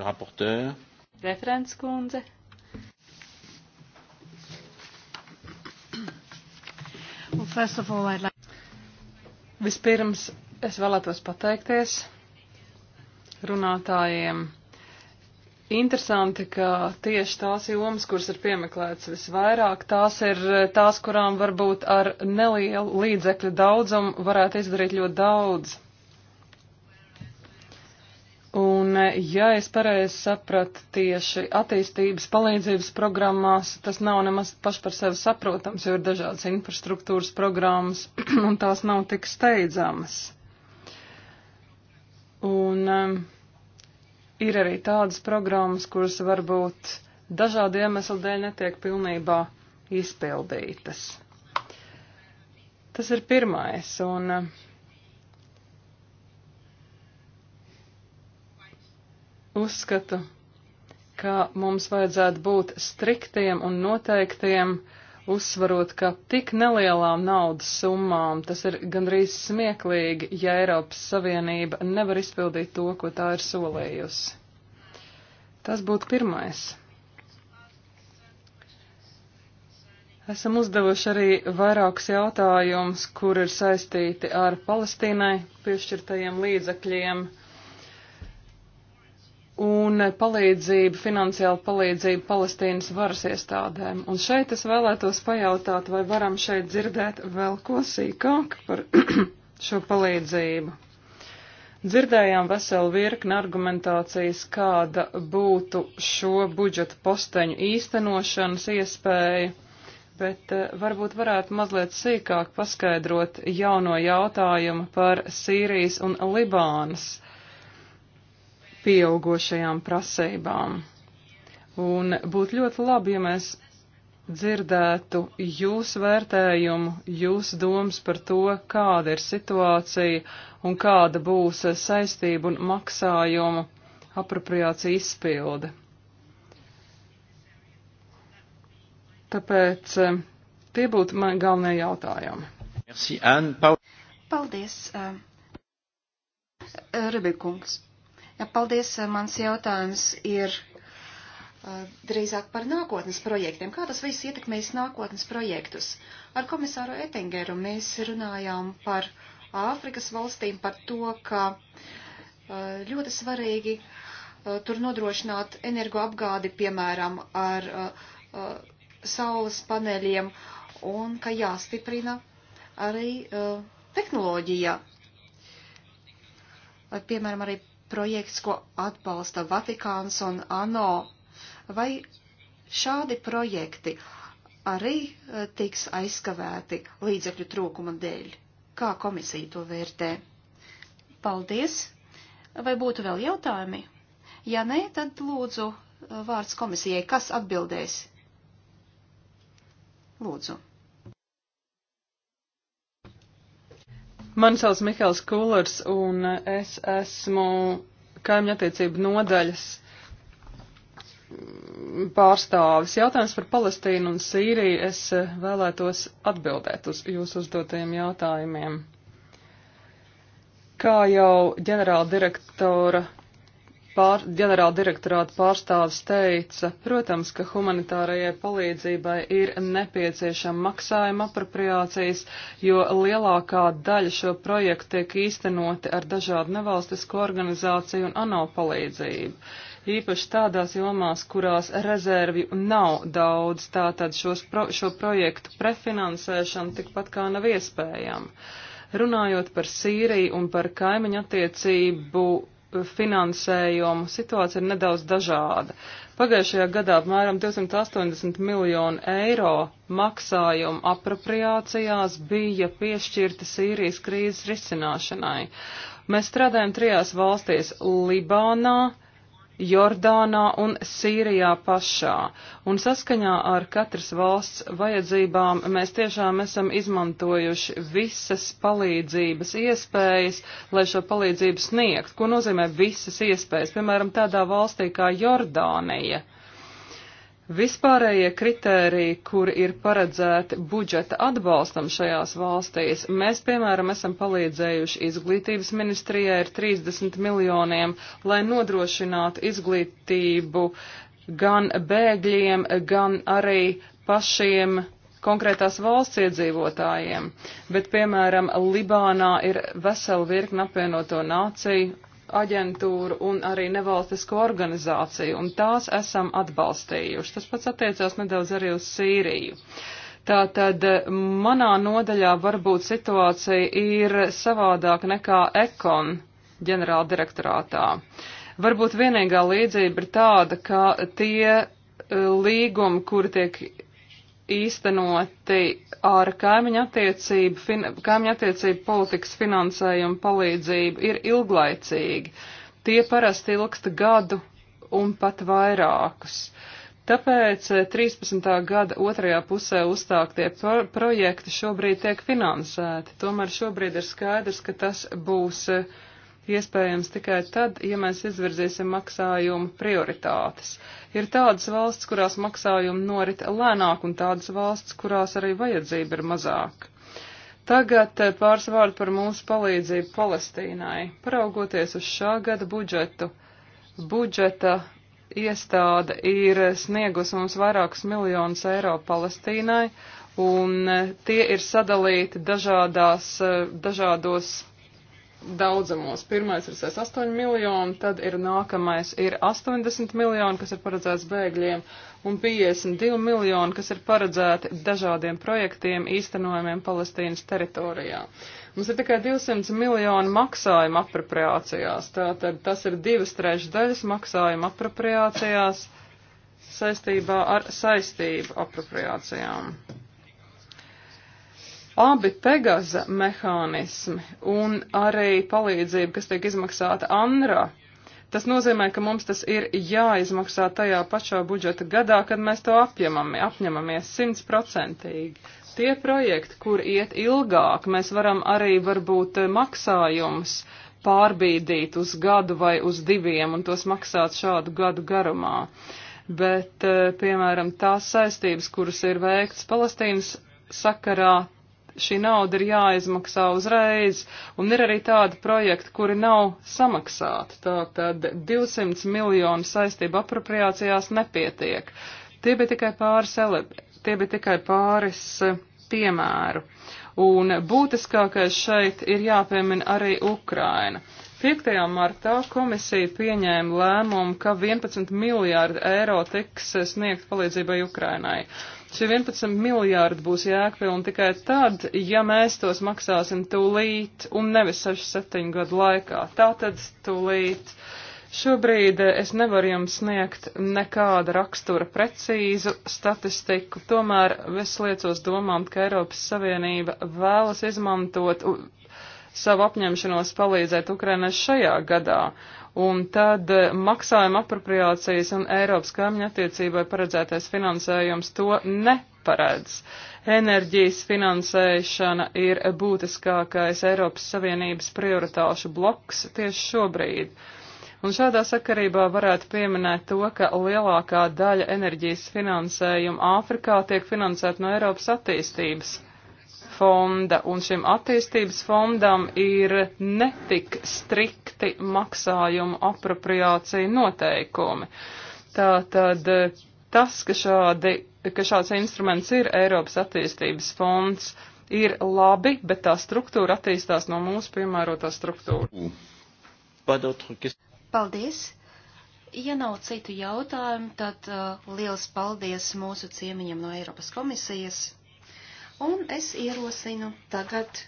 Raportēr. Referents kundze. Well, first of all, I'd like... Vispirms es vēlētos pateikties runātājiem interesanti, ka tieši tās jomas, kuras ir piemeklētas visvairāk, tās ir tās, kurām varbūt ar nelielu līdzekļu daudzumu varētu izdarīt ļoti daudz. Un, ja es pareizi sapratu, tieši attīstības palīdzības programmās tas nav nemaz paši par sevi saprotams, jo ir dažādas infrastruktūras programmas un tās nav tik steidzamas. Un, um, Ir arī tādas programmas, kuras varbūt dažādu iemeslu dēļ netiek pilnībā izpildītas. Tas ir pirmais, un uh, uzskatu, ka mums vajadzētu būt striktiem un noteiktiem uh, uzsvarot, ka tik nelielām naudas summām tas ir gandrīz smieklīgi, ja Eiropas Savienība nevar izpildīt to, ko tā ir solījusi. Tas būtu pirmais. Esam uzdevuši arī vairākus jautājumus, kur ir saistīti ar Palestīnai piešķirtajiem līdzekļiem un palīdzību, finansiālu palīdzību Palestīnas varas iestādēm. Un šeit es vēlētos pajautāt, vai varam šeit dzirdēt vēl ko sīkāk par šo palīdzību. Dzirdējām veselu virkni argumentācijas, kāda būtu šo budžeta posteņu īstenošanas iespēja, bet eh, varbūt varētu mazliet sīkāk paskaidrot jauno jautājumu par Sīrijas un Libānas uh, pieaugošajām prasībām. Un būtu ļoti labi, ja mēs dzirdētu jūsu vērtējumu, jūsu domas par to, kāda ir situācija un kāda būs saistību un maksājumu apropriācija izpilde. Tāpēc eh, tie būtu mani galvenie jautājumi. Merci, Anne. Paldies, uh, Rebekungs. Paldies, eh, mans jautājums ir eh, drīzāk par nākotnes projektiem. Kā tas viss ietekmēs nākotnes projektus? Ar komisāru Ettingeru mēs runājām par Āfrikas valstīm, par to, ka eh, ļoti svarīgi tur nodrošināt energoapgādi, piemēram, ar saules paneļiem, un ka jāstiprina arī tehnoloģija. Piemēram, arī projekts, ko atbalsta Vatikāns un ANO, vai šādi projekti arī eh, tiks aizskavēti līdzekļu trūkuma dēļ? Kā komisija to vērtē? Paldies! Vai būtu vēl jautājumi? Ja nē, tad lūdzu eh, vārds komisijai, kas atbildēs? Lūdzu. Mani sauc Mihāls Kulers, un eh, es esmu kaimiņu attiecību nodaļas mm, pārstāvis. Jautājums par Palestīnu un Sīriju. Es eh, vēlētos atbildēt uz jūsu uzdotajiem jautājumiem. Kā jau ģenerāla direktora pār, ģenerāla direktorāta pārstāvis teica, protams, ka humanitārajai palīdzībai ir nepieciešama maksājuma apropriācijas, jo lielākā daļa šo projektu tiek īstenoti ar dažādu nevalstisko organizāciju un ANO palīdzību. Īpaši tādās jomās, kurās rezervju nav daudz, tātad šos, pro, šo projektu prefinansēšana tikpat kā nav iespējama. Runājot par Sīriju un par kaimiņu attiecību finansējumu situācija ir nedaudz dažāda. Pagājušajā gadā apmēram 280 miljonu eiro maksājumu apropriācijās bija piešķirta Sīrijas krīzes risināšanai. Mēs strādājam trijās valstīs - Libānā, Jordānā un Sīrijā pašā. Un saskaņā ar katras valsts vajadzībām mēs tiešām esam izmantojuši visas palīdzības iespējas, lai šo palīdzību sniegt. Ko nozīmē visas iespējas? Piemēram, tādā valstī kā Jordānija. Uh, Vispārējie kritēriji, kur ir paredzēti budžeta atbalstam šajās valstīs, mēs, piemēram, esam palīdzējuši izglītības ministrijai ar 30 miljoniem, lai nodrošinātu izglītību gan bēgļiem, gan arī pašiem konkrētās valsts iedzīvotājiem, bet, piemēram, Libānā ir vesela virkna apvienoto nāciju aģentūru un arī nevalstisko organizāciju, un tās esam atbalstījuši. Tas pats attiecās nedaudz arī uz Sīriju. Tātad eh, manā nodaļā varbūt situācija ir savādāka nekā ekon ģenerāla direktorātā. Varbūt vienīgā līdzība ir tāda, ka tie eh, līgumi, kuri tiek īstenoti ar kaimiņu attiecību, fin, kaimiņu attiecību politikas finansējumu palīdzību, ir ilglaicīgi. Tie parasti ilgst gadu un pat vairākus. Tāpēc 13. Eh, gada otrajā pusē uzstāktie pro projekti šobrīd tiek finansēti. Tomēr šobrīd ir skaidrs, ka tas būs uh, iespējams tikai tad, ja mēs izvirzīsim maksājumu prioritātes. Ir tādas valsts, kurās maksājumi norit lēnāk, un tādas valsts, kurās arī vajadzība ir mazāk. Tagad eh, pāris vārdu par mūsu palīdzību Palestīnai. Paraugoties uz šā gada budžetu, budžeta iestāde ir sniegus mums vairākus miljonus eiro Palestīnai, un eh, tie ir sadalīti dažādās, eh, dažādos daudzumos. Pirmais ir 68 miljoni, tad ir nākamais ir 80 miljoni, kas ir paredzēts bēgļiem, un 52 miljoni, kas ir paredzēti dažādiem projektiem īstenojumiem Palestīnas teritorijā. Mums ir tikai 200 miljoni maksājuma apropriācijās, tātad tas ir divas trešdaļas maksājuma apropriācijās saistībā ar saistību apropriācijām. Abi Pegaza mehānismi un arī palīdzība, kas tiek izmaksāta ANRA, tas nozīmē, ka mums tas ir jāizmaksā tajā pašā budžeta gadā, kad mēs to apjemami, apņemamies simtprocentīgi. Tie projekti, kur iet ilgāk, mēs varam arī varbūt eh, maksājumus pārbīdīt uz gadu vai uz diviem un tos maksāt šādu gadu garumā. Bet, eh, piemēram, tās saistības, kuras ir veikts Palestīnas sakarā, šī nauda ir jāizmaksā uzreiz, un ir arī tādi projekti, kuri nav samaksāti. Tātad 200 miljonu saistību apropriācijās nepietiek. Tie bija tikai pāris, tie bija tikai pāris e, piemēru. Un būtiskākais šeit ir jāpiemina arī Ukraina. 5. martā komisija pieņēma lēmumu, ka 11 miljārdi eiro tiks e, sniegt palīdzībai Ukrainai. Uh, Šie 11 miljārdi būs jēgpilni tikai tad, ja mēs tos maksāsim tūlīt un nevis 6-7 gadu laikā. Tātad tūlīt. Šobrīd eh, es nevaru jums sniegt nekāda rakstura precīzu statistiku, tomēr es liecos domām, ka Eiropas Savienība vēlas izmantot savu apņemšanos palīdzēt Ukrainai šajā gadā. Uh, un tad eh, maksājuma apropriācijas un Eiropas kaimiņu attiecībai paredzētais finansējums to neparedz. Enerģijas finansēšana ir būtiskākais Eiropas Savienības prioritāšu bloks tieši šobrīd. Un šādā sakarībā varētu pieminēt to, ka lielākā daļa enerģijas finansējuma Āfrikā tiek finansēta no Eiropas attīstības fonda un šim attīstības fondam ir netik strikti maksājumu apropriācija noteikumi. Tātad tas, ka, šādi, ka šāds instruments ir Eiropas attīstības fonds, ir labi, bet tā struktūra attīstās no mūsu piemērotā struktūra. Paldies! Ja nav citu jautājumu, tad uh, liels paldies mūsu ciemiņam no Eiropas komisijas. Un es ierosinu tagad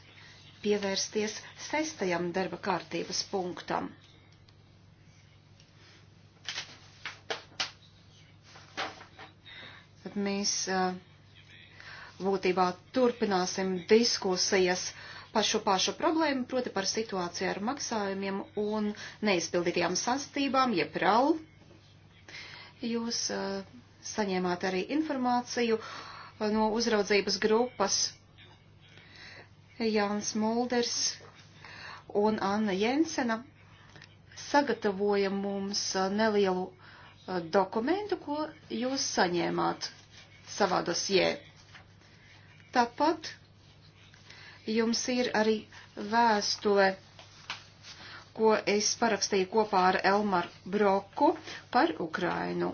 pievērsties sestajam darba kārtības punktam. Tad mēs būtībā turpināsim diskusijas par šo pašu problēmu, proti par situāciju ar maksājumiem un neizpildītajām sastībām, jeb RAL. Jūs saņēmāt arī informāciju. Uh, no uzraudzības grupas Jānis Mulders un Anna Jensena sagatavoja mums uh, nelielu uh, dokumentu, ko jūs saņēmāt savā dosjē. Tāpat jums ir arī vēstule, ko es parakstīju kopā ar Elmaru Broku par Ukrainu.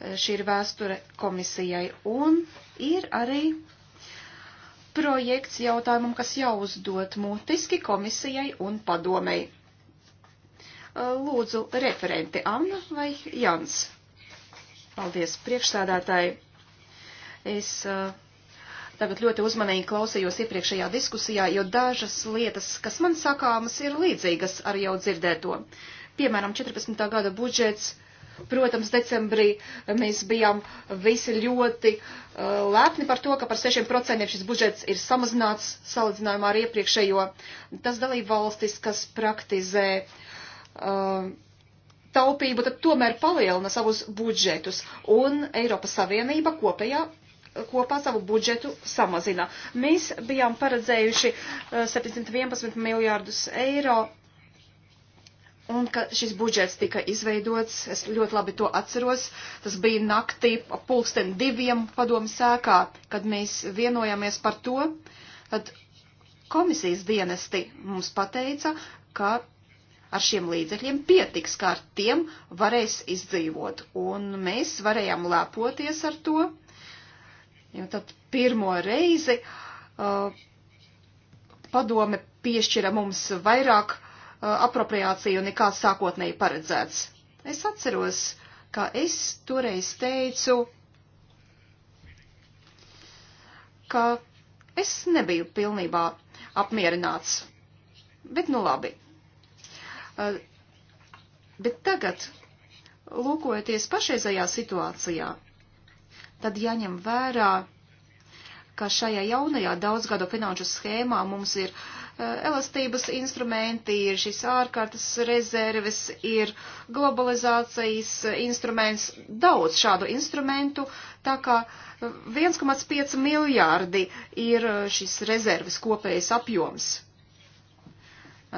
Šī ir vēsture komisijai un ir arī projekts jautājumam, kas jāuzdod mutiski komisijai un padomei. Lūdzu, referenti Anna vai Jans. Paldies, priekšsādātāji. Es uh, tagad ļoti uzmanīgi klausījos iepriekšējā diskusijā, jo dažas lietas, kas man sakāmas, ir līdzīgas ar jau dzirdēto. Piemēram, 14. gada budžets Protams, decembrī mēs bijām visi ļoti uh, lepni par to, ka par 6% šis budžets ir samazināts salīdzinājumā ar iepriekšējo. Tas dalība valstis, kas praktizē uh, taupību, tad tomēr palielina savus budžetus. Un Eiropas Savienība kopējā kopā savu budžetu samazina. Mēs bijām paredzējuši uh, 711 miljārdus eiro Un ka šis budžets tika izveidots, es ļoti labi to atceros, tas bija naktī pulksten diviem padomu sēkā, kad mēs vienojamies par to, tad komisijas dienesti mums pateica, ka ar šiem līdzekļiem pietiks, kā ar tiem varēs izdzīvot. Un mēs varējām lepoties ar to, jo tad pirmo reizi uh, padome piešķira mums vairāk Uh, apropriāciju nekā sākotnēji paredzēts. Es atceros, ka es toreiz teicu, ka es nebiju pilnībā apmierināts. Bet nu labi. Uh, bet tagad, lūkojoties pašreizajā situācijā, tad jāņem vērā, ka šajā jaunajā daudzgadu finanšu schēmā mums ir uh, Eh, elastības instrumenti, ir šis ārkārtas rezerves, ir globalizācijas eh, instruments, daudz šādu instrumentu, tā kā 1,5 eh, miljārdi ir šis rezerves kopējais apjoms.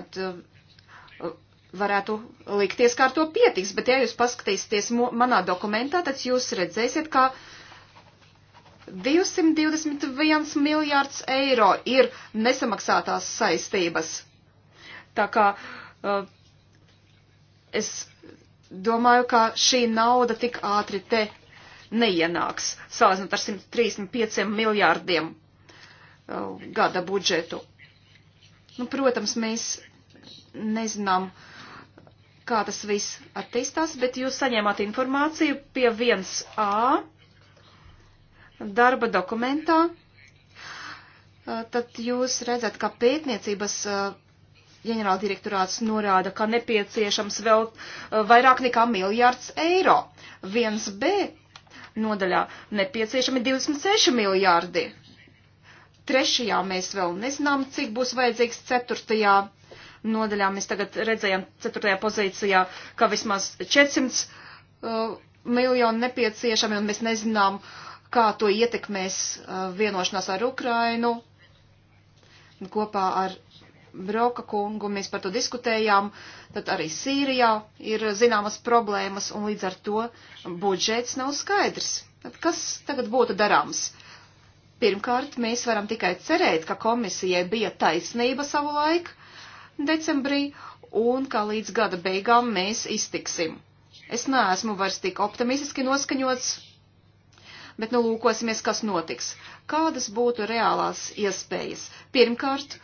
At, varētu likties, kā ar to pietiks, bet ja jūs paskatīsieties manā dokumentā, tad jūs redzēsiet, ka uh, 221 miljārds eiro ir nesamaksātās saistības. Tā kā uh, es domāju, ka šī nauda tik ātri te neienāks, salīdzinot ar 135 miljārdiem uh, gada budžetu. Nu, protams, mēs nezinām, kā tas viss attīstās, bet jūs saņēmāt informāciju pie 1A darba dokumentā, tad jūs redzat, ka pētniecības ģenerāldirektorāts norāda, ka nepieciešams vēl vairāk nekā miljārds eiro. 1B nodaļā nepieciešami 26 miljārdi. Trešajā mēs vēl nezinām, cik būs vajadzīgs ceturtajā nodaļā. Mēs tagad redzējām ceturtajā pozīcijā, ka vismaz 400 uh, miljoni nepieciešami, un mēs nezinām, uh, kā to ietekmēs uh, vienošanās ar Ukrainu. Kopā ar Broka kungu mēs par to diskutējām. Tad arī Sīrijā ir zināmas problēmas un līdz ar to budžets nav skaidrs. Tad kas tagad būtu darāms? Pirmkārt, mēs varam tikai cerēt, ka komisijai bija taisnība savu laiku decembrī un ka līdz gada beigām mēs iztiksim. Es neesmu vairs tik optimistiski noskaņots, bet nu lūkosimies, kas notiks. Kādas būtu reālās iespējas? Pirmkārt,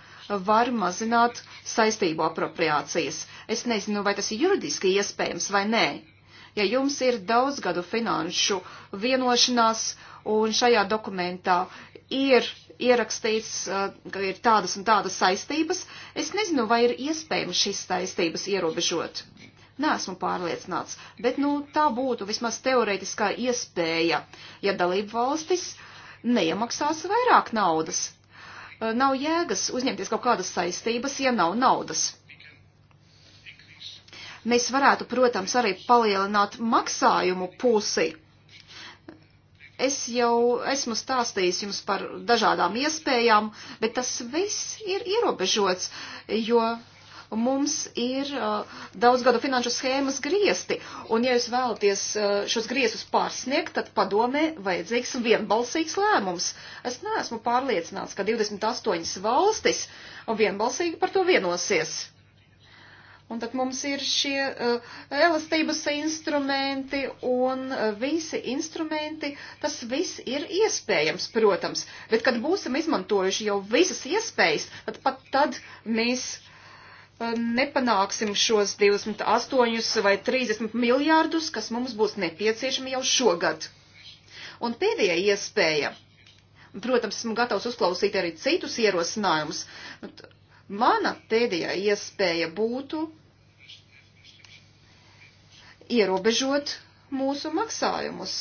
var mazināt saistību apropriācijas. Es nezinu, vai tas ir juridiski iespējams vai nē. Ja jums ir daudzgadu finanšu vienošanās un šajā dokumentā ir ierakstīts, uh, ka ir tādas un tādas saistības, es nezinu, vai ir iespējams šīs saistības ierobežot. Nesmu pārliecināts, bet nu, tā būtu vismaz teoretiskā iespēja, ja dalību valstis neiemaksās vairāk naudas. Eh, nav jēgas uzņemties kaut kādas saistības, ja nav naudas. Mēs varētu, protams, arī palielināt maksājumu pusi. Es jau esmu stāstījis jums par dažādām iespējām, bet tas viss ir ierobežots, jo mums ir uh, daudzgadu finanšu schēmas griesti, un ja jūs vēlaties uh, šos griestus pārsniegt, tad padomē vajadzīgs vienbalsīgs lēmums. Es neesmu pārliecināts, ka 28 valstis vienbalsīgi par to vienosies. Un tad mums ir šie uh, elastības instrumenti un uh, visi instrumenti, tas viss ir iespējams, protams, bet kad būsim izmantojuši jau visas iespējas, tad pat tad mēs uh, nepanāksim šos 28 vai 30 miljārdus, kas mums būs nepieciešami jau šogad. Un pēdējā iespēja, protams, esmu gatavs uzklausīt arī citus ierosinājumus, mana pēdējā iespēja būtu ierobežot mūsu maksājumus.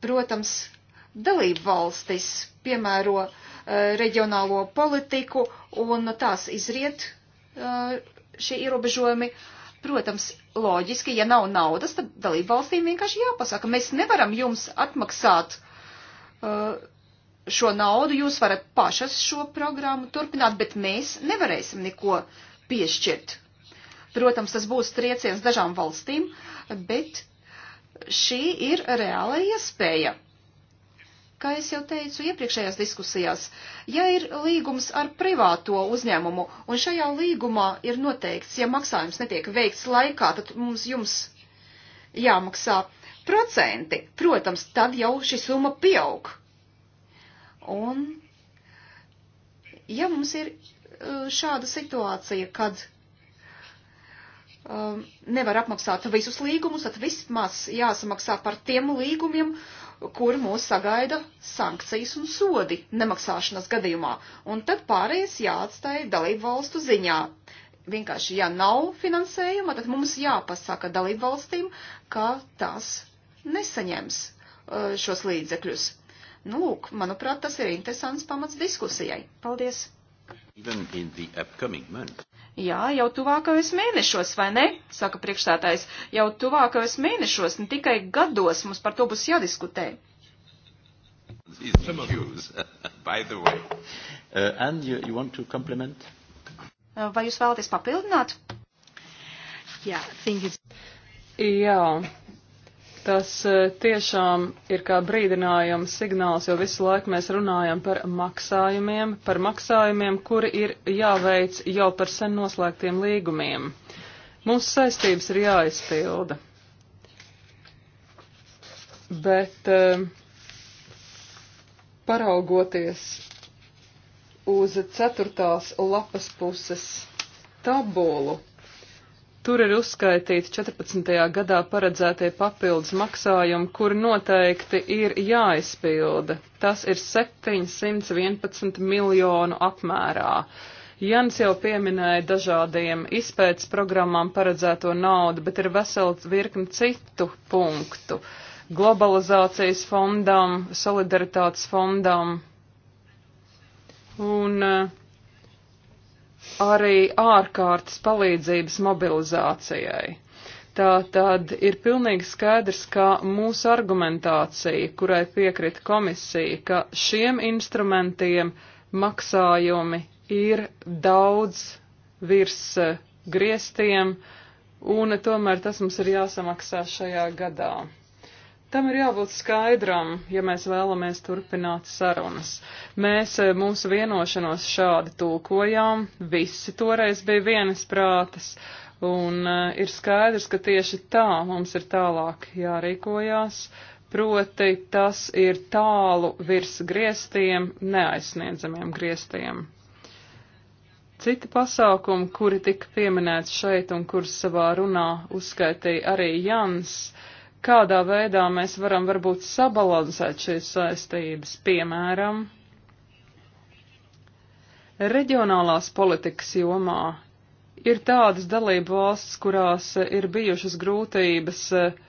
Protams, dalību valstis piemēro uh, Eh, reģionālo politiku un tās izriet eh, šie ierobežojumi. Protams, loģiski, ja nav naudas, tad dalību valstīm vienkārši jāpasaka, mēs nevaram jums atmaksāt eh, šo naudu, jūs varat pašas šo programmu turpināt, bet mēs nevarēsim neko piešķirt. Protams, tas būs trieciens dažām valstīm, bet šī ir reāla iespēja. Kā es jau teicu iepriekšējās diskusijās, ja ir līgums ar privāto uzņēmumu un šajā līgumā ir noteikts, ja maksājums netiek veikts laikā, tad mums jums jāmaksā procenti. Protams, tad jau šī summa pieaug. Un ja mums ir uh, šāda situācija, kad um, nevar apmaksāt visus līgumus, tad vismaz jāsamaksā par tiem līgumiem, uh, kur mūs sagaida sankcijas un sodi nemaksāšanas gadījumā, un tad pārējais jāatstāja dalību valstu ziņā. Vienkārši, ja nav finansējuma, tad mums jāpasaka dalību valstīm, ka tās nesaņems uh, šos līdzekļus. Nu, lūk, manuprāt, tas ir interesants pamats diskusijai. Paldies! Even in the upcoming month. Jā, jau tuvākajos mēnešos, vai ne? Saka priekšstādājs, jau tuvākajos mēnešos, ne tikai gados mums par to būs jādiskutē. Uh, uh, vai jūs vēlaties papildināt? Yeah, Jā, Tas e, tiešām ir kā brīdinājums signāls, jo visu laiku mēs runājam par maksājumiem, par maksājumiem, kuri ir jāveic jau par sen noslēgtiem līgumiem. Mūsu saistības ir jāizpilda. Bet e, paraugoties uz ceturtās lapas puses tabulu, Tur ir uzskaitīti 14. gadā paredzētie papildus maksājumi, kur noteikti ir jāizpilda. Tas ir 711 miljonu apmērā. Jans jau pieminēja dažādiem izpētes programmām paredzēto naudu, bet ir vesels virkni citu punktu. Globalizācijas fondam, solidaritātes fondam. Un uh, arī ārkārtas palīdzības mobilizācijai. Tā tad ir pilnīgi skaidrs, ka mūsu argumentācija, kurai piekrita komisija, ka šiem instrumentiem maksājumi ir daudz virs e, griestiem, un tomēr tas mums ir jāsamaksā šajā gadā. Tam ir jābūt skaidram, ja mēs vēlamies turpināt sarunas. Mēs e, mūsu vienošanos šādi tulkojām, visi toreiz bija vienas prātas, un uh, ir skaidrs, ka tieši tā mums ir tālāk jārīkojās, proti tas ir tālu virs griestiem, neaizsniedzamiem griestiem. Citi pasākumi, kuri tika pieminēti šeit un kurus savā runā uzskaitīja arī Jans, uh, kādā veidā mēs varam varbūt sabalansēt šīs saistības, piemēram, reģionālās politikas jomā. Ir tādas dalību valsts, kurās ir bijušas grūtības eh,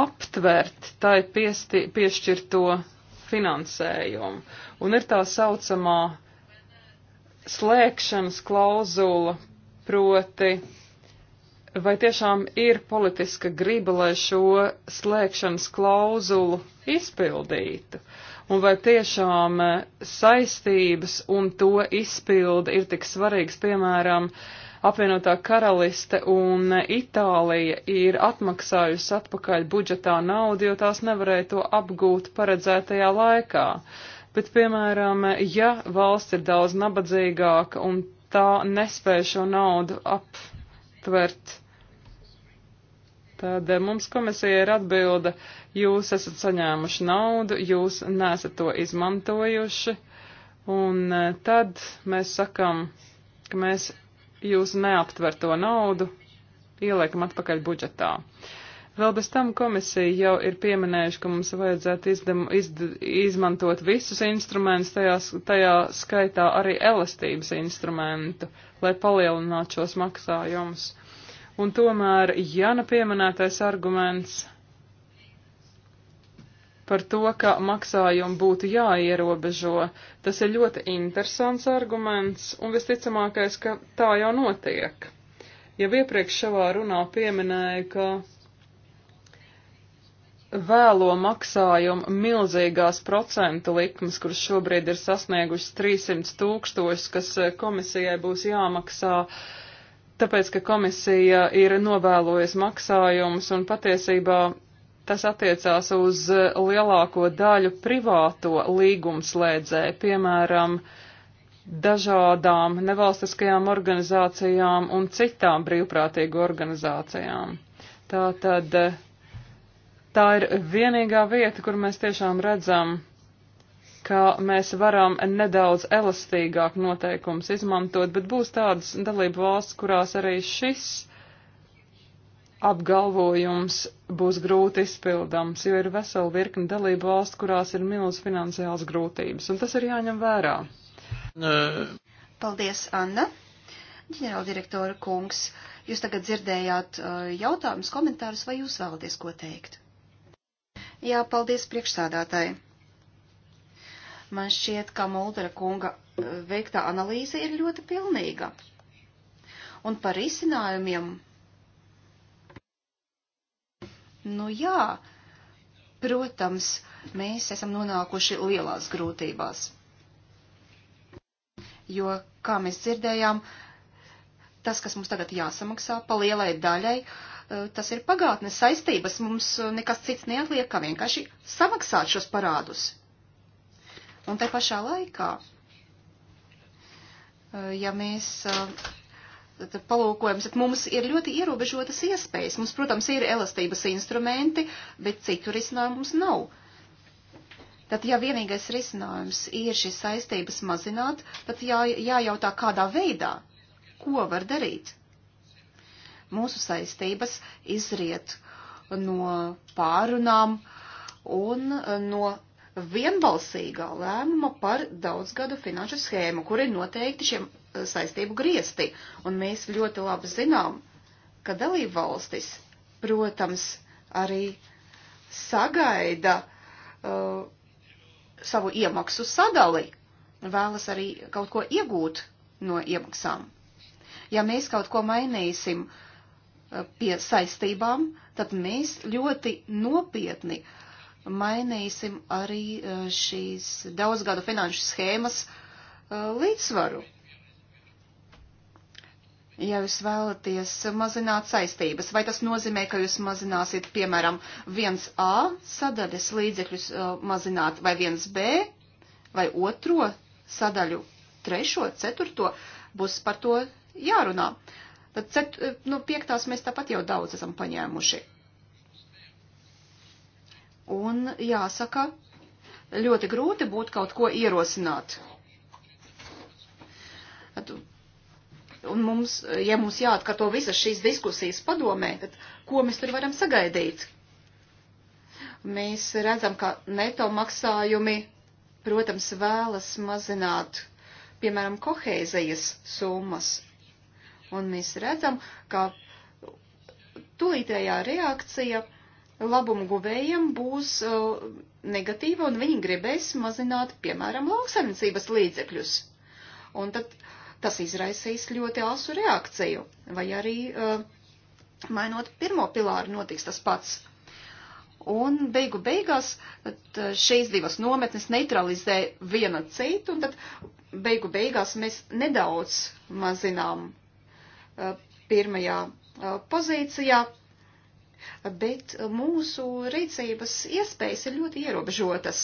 aptvert tai piesti, piešķirto finansējumu. Un ir tā saucamā slēgšanas klauzula, proti vai tiešām ir politiska griba, lai šo slēgšanas klauzulu izpildītu, un vai tiešām eh, saistības un to izpilde ir tik svarīgs, piemēram, apvienotā karaliste un eh, Itālija ir atmaksājusi atpakaļ budžetā naudu, jo tās nevarēja to apgūt paredzētajā laikā. Bet, piemēram, ja valsts ir daudz nabadzīgāka un tā nespēja šo naudu apmaksāt, ietvert. Tad eh, mums komisija ir atbilda, jūs esat saņēmuši naudu, jūs nesat to izmantojuši, un eh, tad mēs sakam, ka mēs jūs neaptver to naudu, ieliekam atpakaļ budžetā. Vēl bez tam komisija jau ir pieminējuši, ka mums vajadzētu izdem, izd, izmantot visus instrumentus, tajā, tajā skaitā arī elastības instrumentu. Uh, lai palielinātu šos maksājumus. Un tomēr Jana pieminētais arguments par to, ka maksājumu būtu jāierobežo. Tas ir ļoti interesants arguments, un visticamākais, ka tā jau notiek. Jau iepriekš savā runā pieminēju, ka vēlo maksājumu milzīgās procentu likmes, kuras šobrīd ir sasniegušas 300 tūkstoši, kas eh, komisijai būs jāmaksā, tāpēc, ka komisija ir novēlojusi maksājumus un patiesībā tas attiecās uz eh, lielāko daļu privāto līgumslēdzēju, piemēram, dažādām nevalstiskajām organizācijām un citām brīvprātīgu organizācijām. Tātad eh, Tā ir vienīgā vieta, kur mēs tiešām redzam, ka mēs varam nedaudz elastīgāk noteikums izmantot, bet būs tādas dalību valsts, kurās arī šis apgalvojums būs grūti izpildams, jo ir vesela virkni dalību valsts, kurās ir milz finansiāls grūtības, un tas ir jāņem vērā. Nē. Paldies, Anna. Ģenerāldirektora kungs, jūs tagad dzirdējāt uh, jautājumus, komentārus, vai jūs vēlaties ko teikt? Jā, paldies priekšsādātāji. Man šķiet, ka Muldera kunga eh, veiktā analīze ir ļoti pilnīga. Un par izcinājumiem. Nu jā, protams, mēs esam nonākuši lielās grūtībās. Jo, kā mēs dzirdējām, tas, kas mums tagad jāsamaksā pa lielai daļai, uh, Eh, tas ir pagātnes saistības, mums eh, nekas cits neatliek, kā vienkārši samaksāt šos parādus. Un te pašā laikā, eh, ja mēs palūkojam, tad mums ir ļoti ierobežotas iespējas. Mums, protams, ir elastības instrumenti, bet citu risinājumu mums nav. Tad, ja vienīgais risinājums ir šīs saistības mazināt, tad jā, jājautā, kādā veidā, ko var darīt. Mūsu saistības izriet no pārunām un no vienbalsīgā lēmuma par daudzgadu finanšu schēmu, kur ir noteikti šiem eh, saistību griesti. Un mēs ļoti labi zinām, ka dalība valstis, protams, arī sagaida uh, savu iemaksu sadali, vēlas arī kaut ko iegūt no iemaksām. Ja mēs kaut ko mainīsim uh, pie saistībām, tad mēs ļoti nopietni mainīsim arī e, šīs daudzgadu finanšu schēmas e, līdzsvaru. Ja jūs vēlaties mazināt saistības, vai tas nozīmē, ka jūs mazināsiet, piemēram, 1A sadaļas līdzekļus e, mazināt, vai 1B, vai otro sadaļu, trešo, ceturto, būs par to jārunā. Uh, Tad cet, no nu, piektās mēs tāpat jau daudz esam paņēmuši. Un jāsaka, ļoti grūti būtu kaut ko ierosināt. Tad, un mums, ja mums jāatkārto visas šīs diskusijas padomē, tad ko mēs tur varam sagaidīt? Mēs redzam, ka neto maksājumi, protams, vēlas mazināt, piemēram, koheizijas summas Un mēs redzam, ka tūlītējā reakcija labumu guvējiem būs uh, negatīva un viņi gribēs mazināt, piemēram, lauksaimniecības līdzekļus. Un tad tas izraisīs ļoti asu reakciju. Vai arī uh, mainot pirmo pilāru notiks tas pats. Un beigu beigās uh, šīs divas nometnes neutralizē viena citu, un tad beigu beigās mēs nedaudz mazinām pirmajā pozīcijā, bet mūsu rīcības iespējas ir ļoti ierobežotas.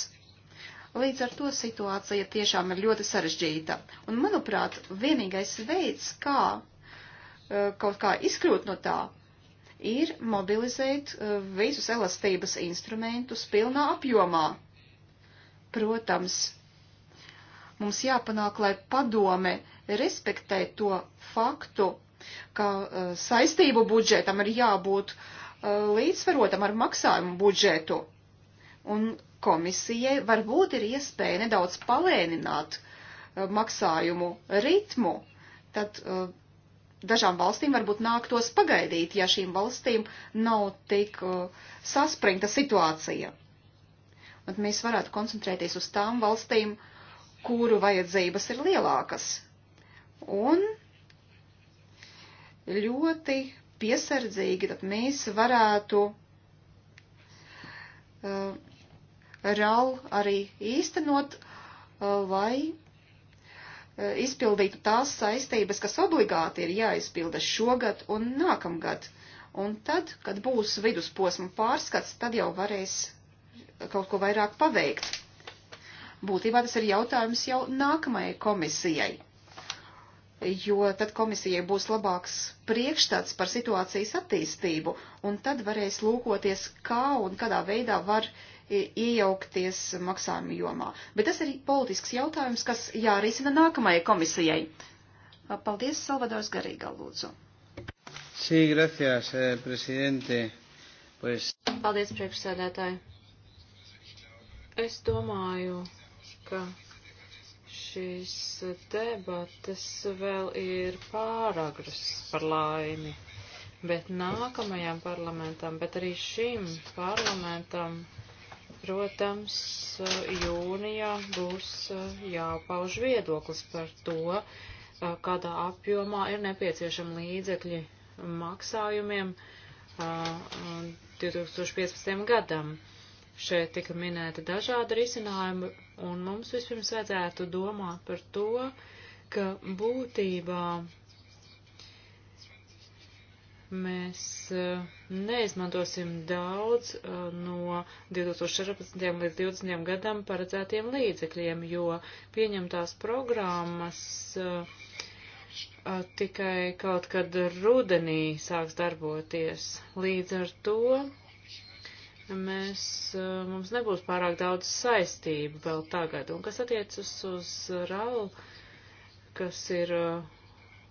Līdz ar to situācija tiešām ir ļoti sarežģīta. Un, manuprāt, vienīgais veids, kā kaut kā izkļūt no tā, ir mobilizēt visus elastības instrumentus pilnā apjomā. Protams, mums jāpanāk, lai padome respektē to faktu, ka e, saistību budžetam ir jābūt e, līdzsvarotam ar maksājumu budžetu. Un komisijai varbūt ir iespēja nedaudz palēnināt e, maksājumu ritmu, tad dažām valstīm varbūt nāktos pagaidīt, ja šīm valstīm nav tik saspringta situācija. Un mēs varētu koncentrēties uz tām valstīm, kuru vajadzības ir lielākas. Un ļoti piesardzīgi, tad mēs varētu uh, RAL arī īstenot, uh, lai uh, izpildītu tās saistības, kas obligāti ir jāizpilda šogad un nākamgad. Un tad, kad būs vidusposma pārskats, tad jau varēs kaut ko vairāk paveikt. Būtībā tas ir jautājums jau nākamajai komisijai jo tad komisijai būs labāks priekšstats par situācijas attīstību, un tad varēs lūkoties, kā un kādā veidā var iejaukties maksājumu jomā. Bet tas ir politisks jautājums, kas jārisina nākamajai komisijai. Paldies, Salvadors Garīga, lūdzu. Sí, gracias, eh, presidente. Pues... Paldies, priekšsēdētāji. Es domāju, ka šīs debates vēl ir pāragras par laimi, bet nākamajam parlamentam, bet arī šim parlamentam, protams, jūnijā būs jāpauž viedoklis par to, kādā apjomā ir nepieciešama līdzekļi maksājumiem 2015. gadam. Šeit tika minēta dažāda risinājuma, un mums vispirms vajadzētu domāt par to, ka būtībā mēs eh, neizmantosim daudz eh, no 2014. līdz 2020. gadam paredzētiem līdzekļiem, jo pieņemtās programmas eh, tikai kaut kad rudenī sāks darboties. Līdz ar to mēs, mums nebūs pārāk daudz saistību vēl tagad. Un kas attiecas uz RAL, kas ir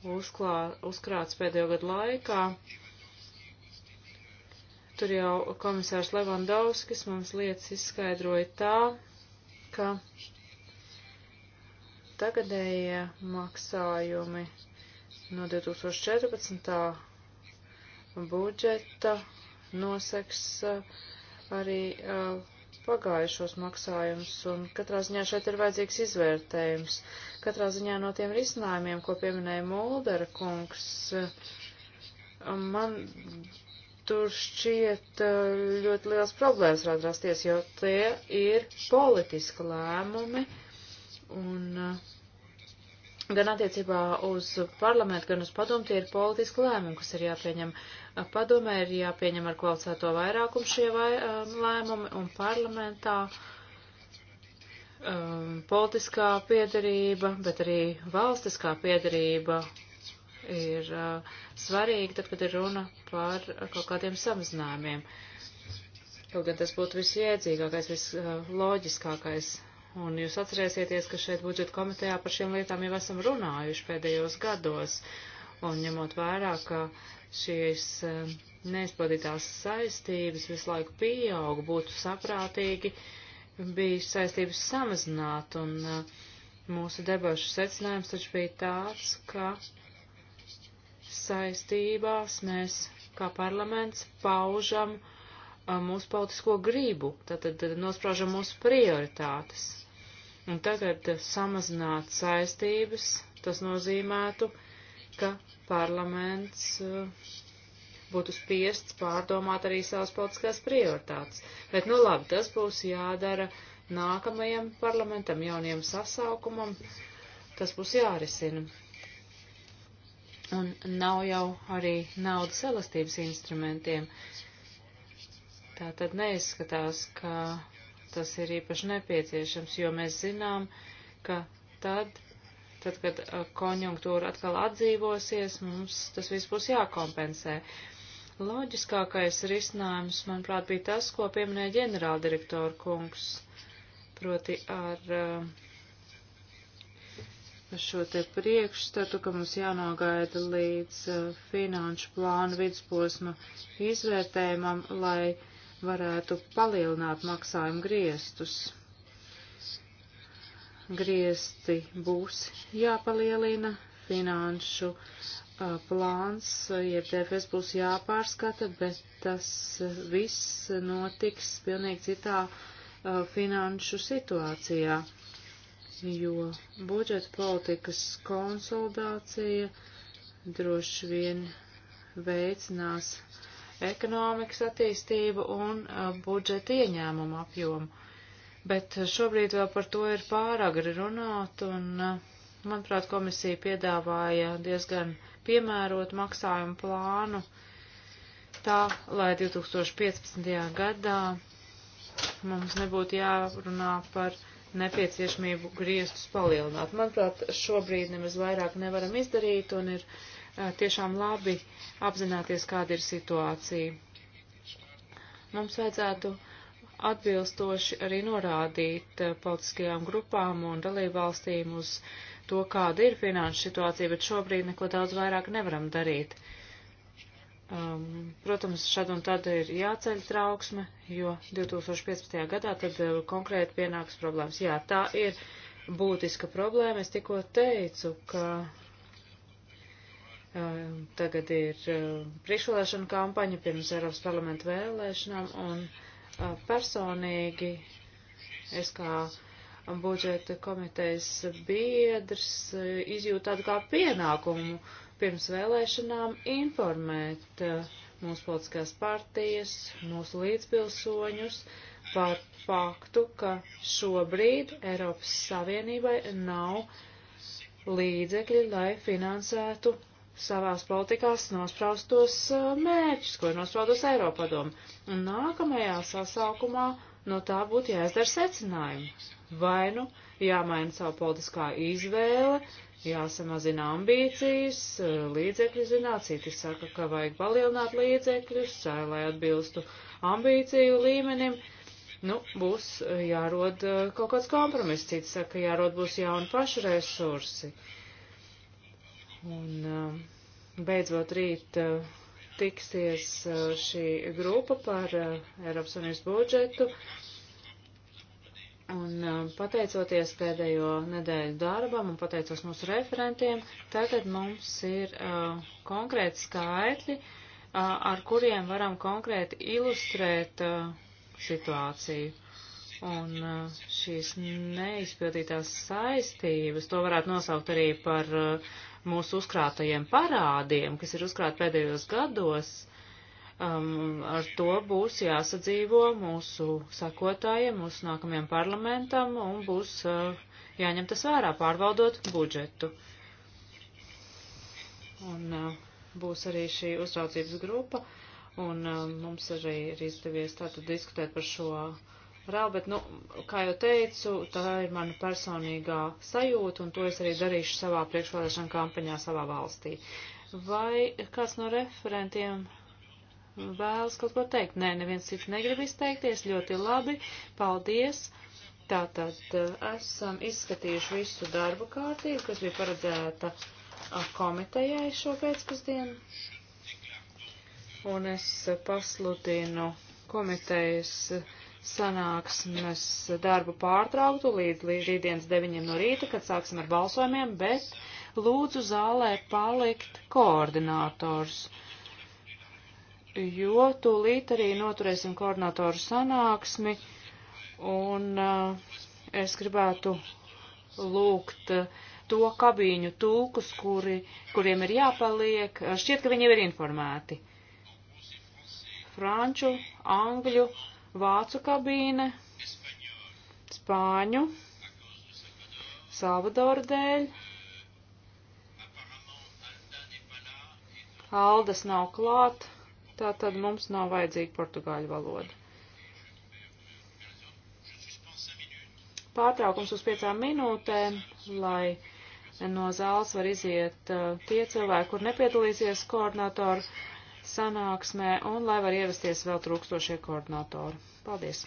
uzklā, uzkrāts pēdējo gadu laikā, tur jau komisārs Levandovskis mums lietas izskaidroja tā, ka tagadējie maksājumi no 2014. budžeta noseks uh, arī uh, pagājušos maksājumus, un katrā ziņā šeit ir vajadzīgs izvērtējums. Katrā ziņā no tiem risinājumiem, ko pieminēja Muldera kungs, man tur šķiet ļoti liels problēmas varētu rasties, jo tie ir politiska lēmumi, un gan attiecībā uz parlamentu, gan uz padomu tie ir politiska lēmumi, kas ir jāpieņem. Uh, Padomē ir jāpieņem ar kvalificēto vairākumu šie vai, um, lēmumi un parlamentā um, politiskā piedarība, bet arī valstiskā piedarība ir uh, svarīga, tad, kad ir runa par kaut kādiem samazinājumiem. Kaut gan tas būtu visiedzīgākais, visloģiskākais. Uh, un jūs atcerēsieties, ka šeit budžeta komitejā par šiem lietām jau esam runājuši pēdējos gados. Un ņemot vērā, ka uh, šīs e, neizpildītās saistības visu laiku pieaug, būtu saprātīgi bija saistības samazināt, un e, mūsu debašu secinājums taču bija tāds, ka saistībās mēs kā parlaments paužam e, mūsu politisko gribu, tātad nospraužam mūsu prioritātes. Un tagad samazināt saistības, tas nozīmētu, ka parlaments eh, būtu spiests pārdomāt arī savas politiskās prioritātes. Bet, nu labi, tas būs jādara nākamajam parlamentam, jaunajam sasaukumam, tas būs jārisina. Un nav jau arī naudas elastības instrumentiem. Tā tad neizskatās, ka tas ir īpaši nepieciešams, jo mēs zinām, ka tad Tad, kad uh, konjunktūra atkal atdzīvosies, mums tas viss būs jākompensē. Loģiskākais risinājums, manuprāt, bija tas, ko pieminēja ģenerāldirektora kungs, proti ar uh, šo te priekšstatu, ka mums jānogaida līdz uh, finanšu plānu vidusposma izvērtējumam, lai varētu palielināt maksājumu griestus griezti būs jāpalielina, finanšu uh, plāns, jeb DFS būs jāpārskata, bet tas viss notiks pilnīgi citā uh, finanšu situācijā, jo budžeta politikas konsolidācija droši vien veicinās ekonomikas attīstību un uh, budžeta ieņēmumu apjomu Bet šobrīd vēl par to ir pāragri runāt, un, eh, manuprāt, komisija piedāvāja diezgan piemērot maksājumu plānu tā, lai 2015. gadā mums nebūtu jārunā par nepieciešamību griestus palielināt. Manuprāt, šobrīd nemaz vairāk nevaram izdarīt un ir eh, tiešām labi apzināties, kāda ir situācija. Mums vajadzētu uh, atbilstoši arī norādīt eh, politiskajām grupām un dalībvalstīm uz to, kāda ir finanšu situācija, bet šobrīd neko daudz vairāk nevaram darīt. Um, protams, šad un tad ir jāceļ trauksme, jo 2015. gadā tad eh, konkrēti pienāks problēmas. Jā, tā ir būtiska problēma. Es tikko teicu, ka um, tagad ir um, priekšvēlēšana kampaņa pirms Eiropas parlamenta vēlēšanām un. Uh, Personīgi es kā budžeta komitejas biedrs e, izjūtu tādu kā pienākumu pirms vēlēšanām informēt e, mūsu politiskās partijas, mūsu līdzpilsoņus par faktu, ka šobrīd Eiropas Savienībai nav līdzekļi, lai finansētu savās politikās nospraustos eh, mērķus, ko ir nospraudos Eiropadomu. Un nākamajā sasaukumā no tā būtu jāizdara secinājumi. Vai nu jāmaina savu politiskā izvēle, jāsamazina ambīcijas, eh, līdzekļu zināt, citi saka, ka vajag palielināt līdzekļus, eh, lai atbilstu ambīciju līmenim. Nu, būs jārod kaut kāds kompromiss, cits saka, jārod būs jauni paši resursi. Uh, Un eh, beidzot rīt eh, tiksies eh, šī grupa par Eiropas Unības budžetu. Un pateicoties pēdējo nedēļu darbam un pateicos mūsu referentiem, tagad mums ir uh, konkrēti skaitļi, uh, ar kuriem varam konkrēti ilustrēt uh, situāciju. Un uh, šīs neizpildītās saistības, to varētu nosaukt arī par uh, mūsu uzkrātajiem parādiem, kas ir uzkrāti pēdējos gados, um, ar to būs jāsadzīvo mūsu sakotājiem, mūsu nākamajam parlamentam un būs uh, jāņem tas vērā pārvaldot budžetu. Un uh, būs arī šī uzraudzības grupa, un uh, mums arī ir izdevies tātad diskutēt par šo uh, vēl, bet, nu, kā jau teicu, tā ir mana personīgā sajūta, un to es arī darīšu savā priekšvēlēšana kampaņā savā valstī. Vai kāds no referentiem vēlas kaut ko teikt? Nē, neviens cits negrib izteikties, ļoti labi, paldies. Tātad eh, esam izskatījuši visu darbu kārtību, kas bija paredzēta eh, komitejai šo pēcpusdienu. Un es eh, pasludinu komitejas uh, sanāksmes darbu pārtrauktu līdz rītdienas 9 no rīta, kad sāksim ar balsojumiem, bet lūdzu zālē palikt koordinators, jo tūlīt arī noturēsim koordinatoru sanāksmi, un uh, es gribētu lūgt uh, to kabīņu tulkus, kuri, kuriem ir jāpaliek, šķiet, ka viņi jau ir informēti. Franču, angļu, vācu kabīne, spāņu, Salvadoru dēļ. Aldas nav klāt, tā tad mums nav vajadzīga portugāļu valoda. Pārtraukums uz piecām minūtēm, lai no zāles var iziet uh, tie cilvēki, kur nepiedalīsies koordinātori sanāksmē un lai var ievesties vēl trūkstošie koordinatori. Paldies!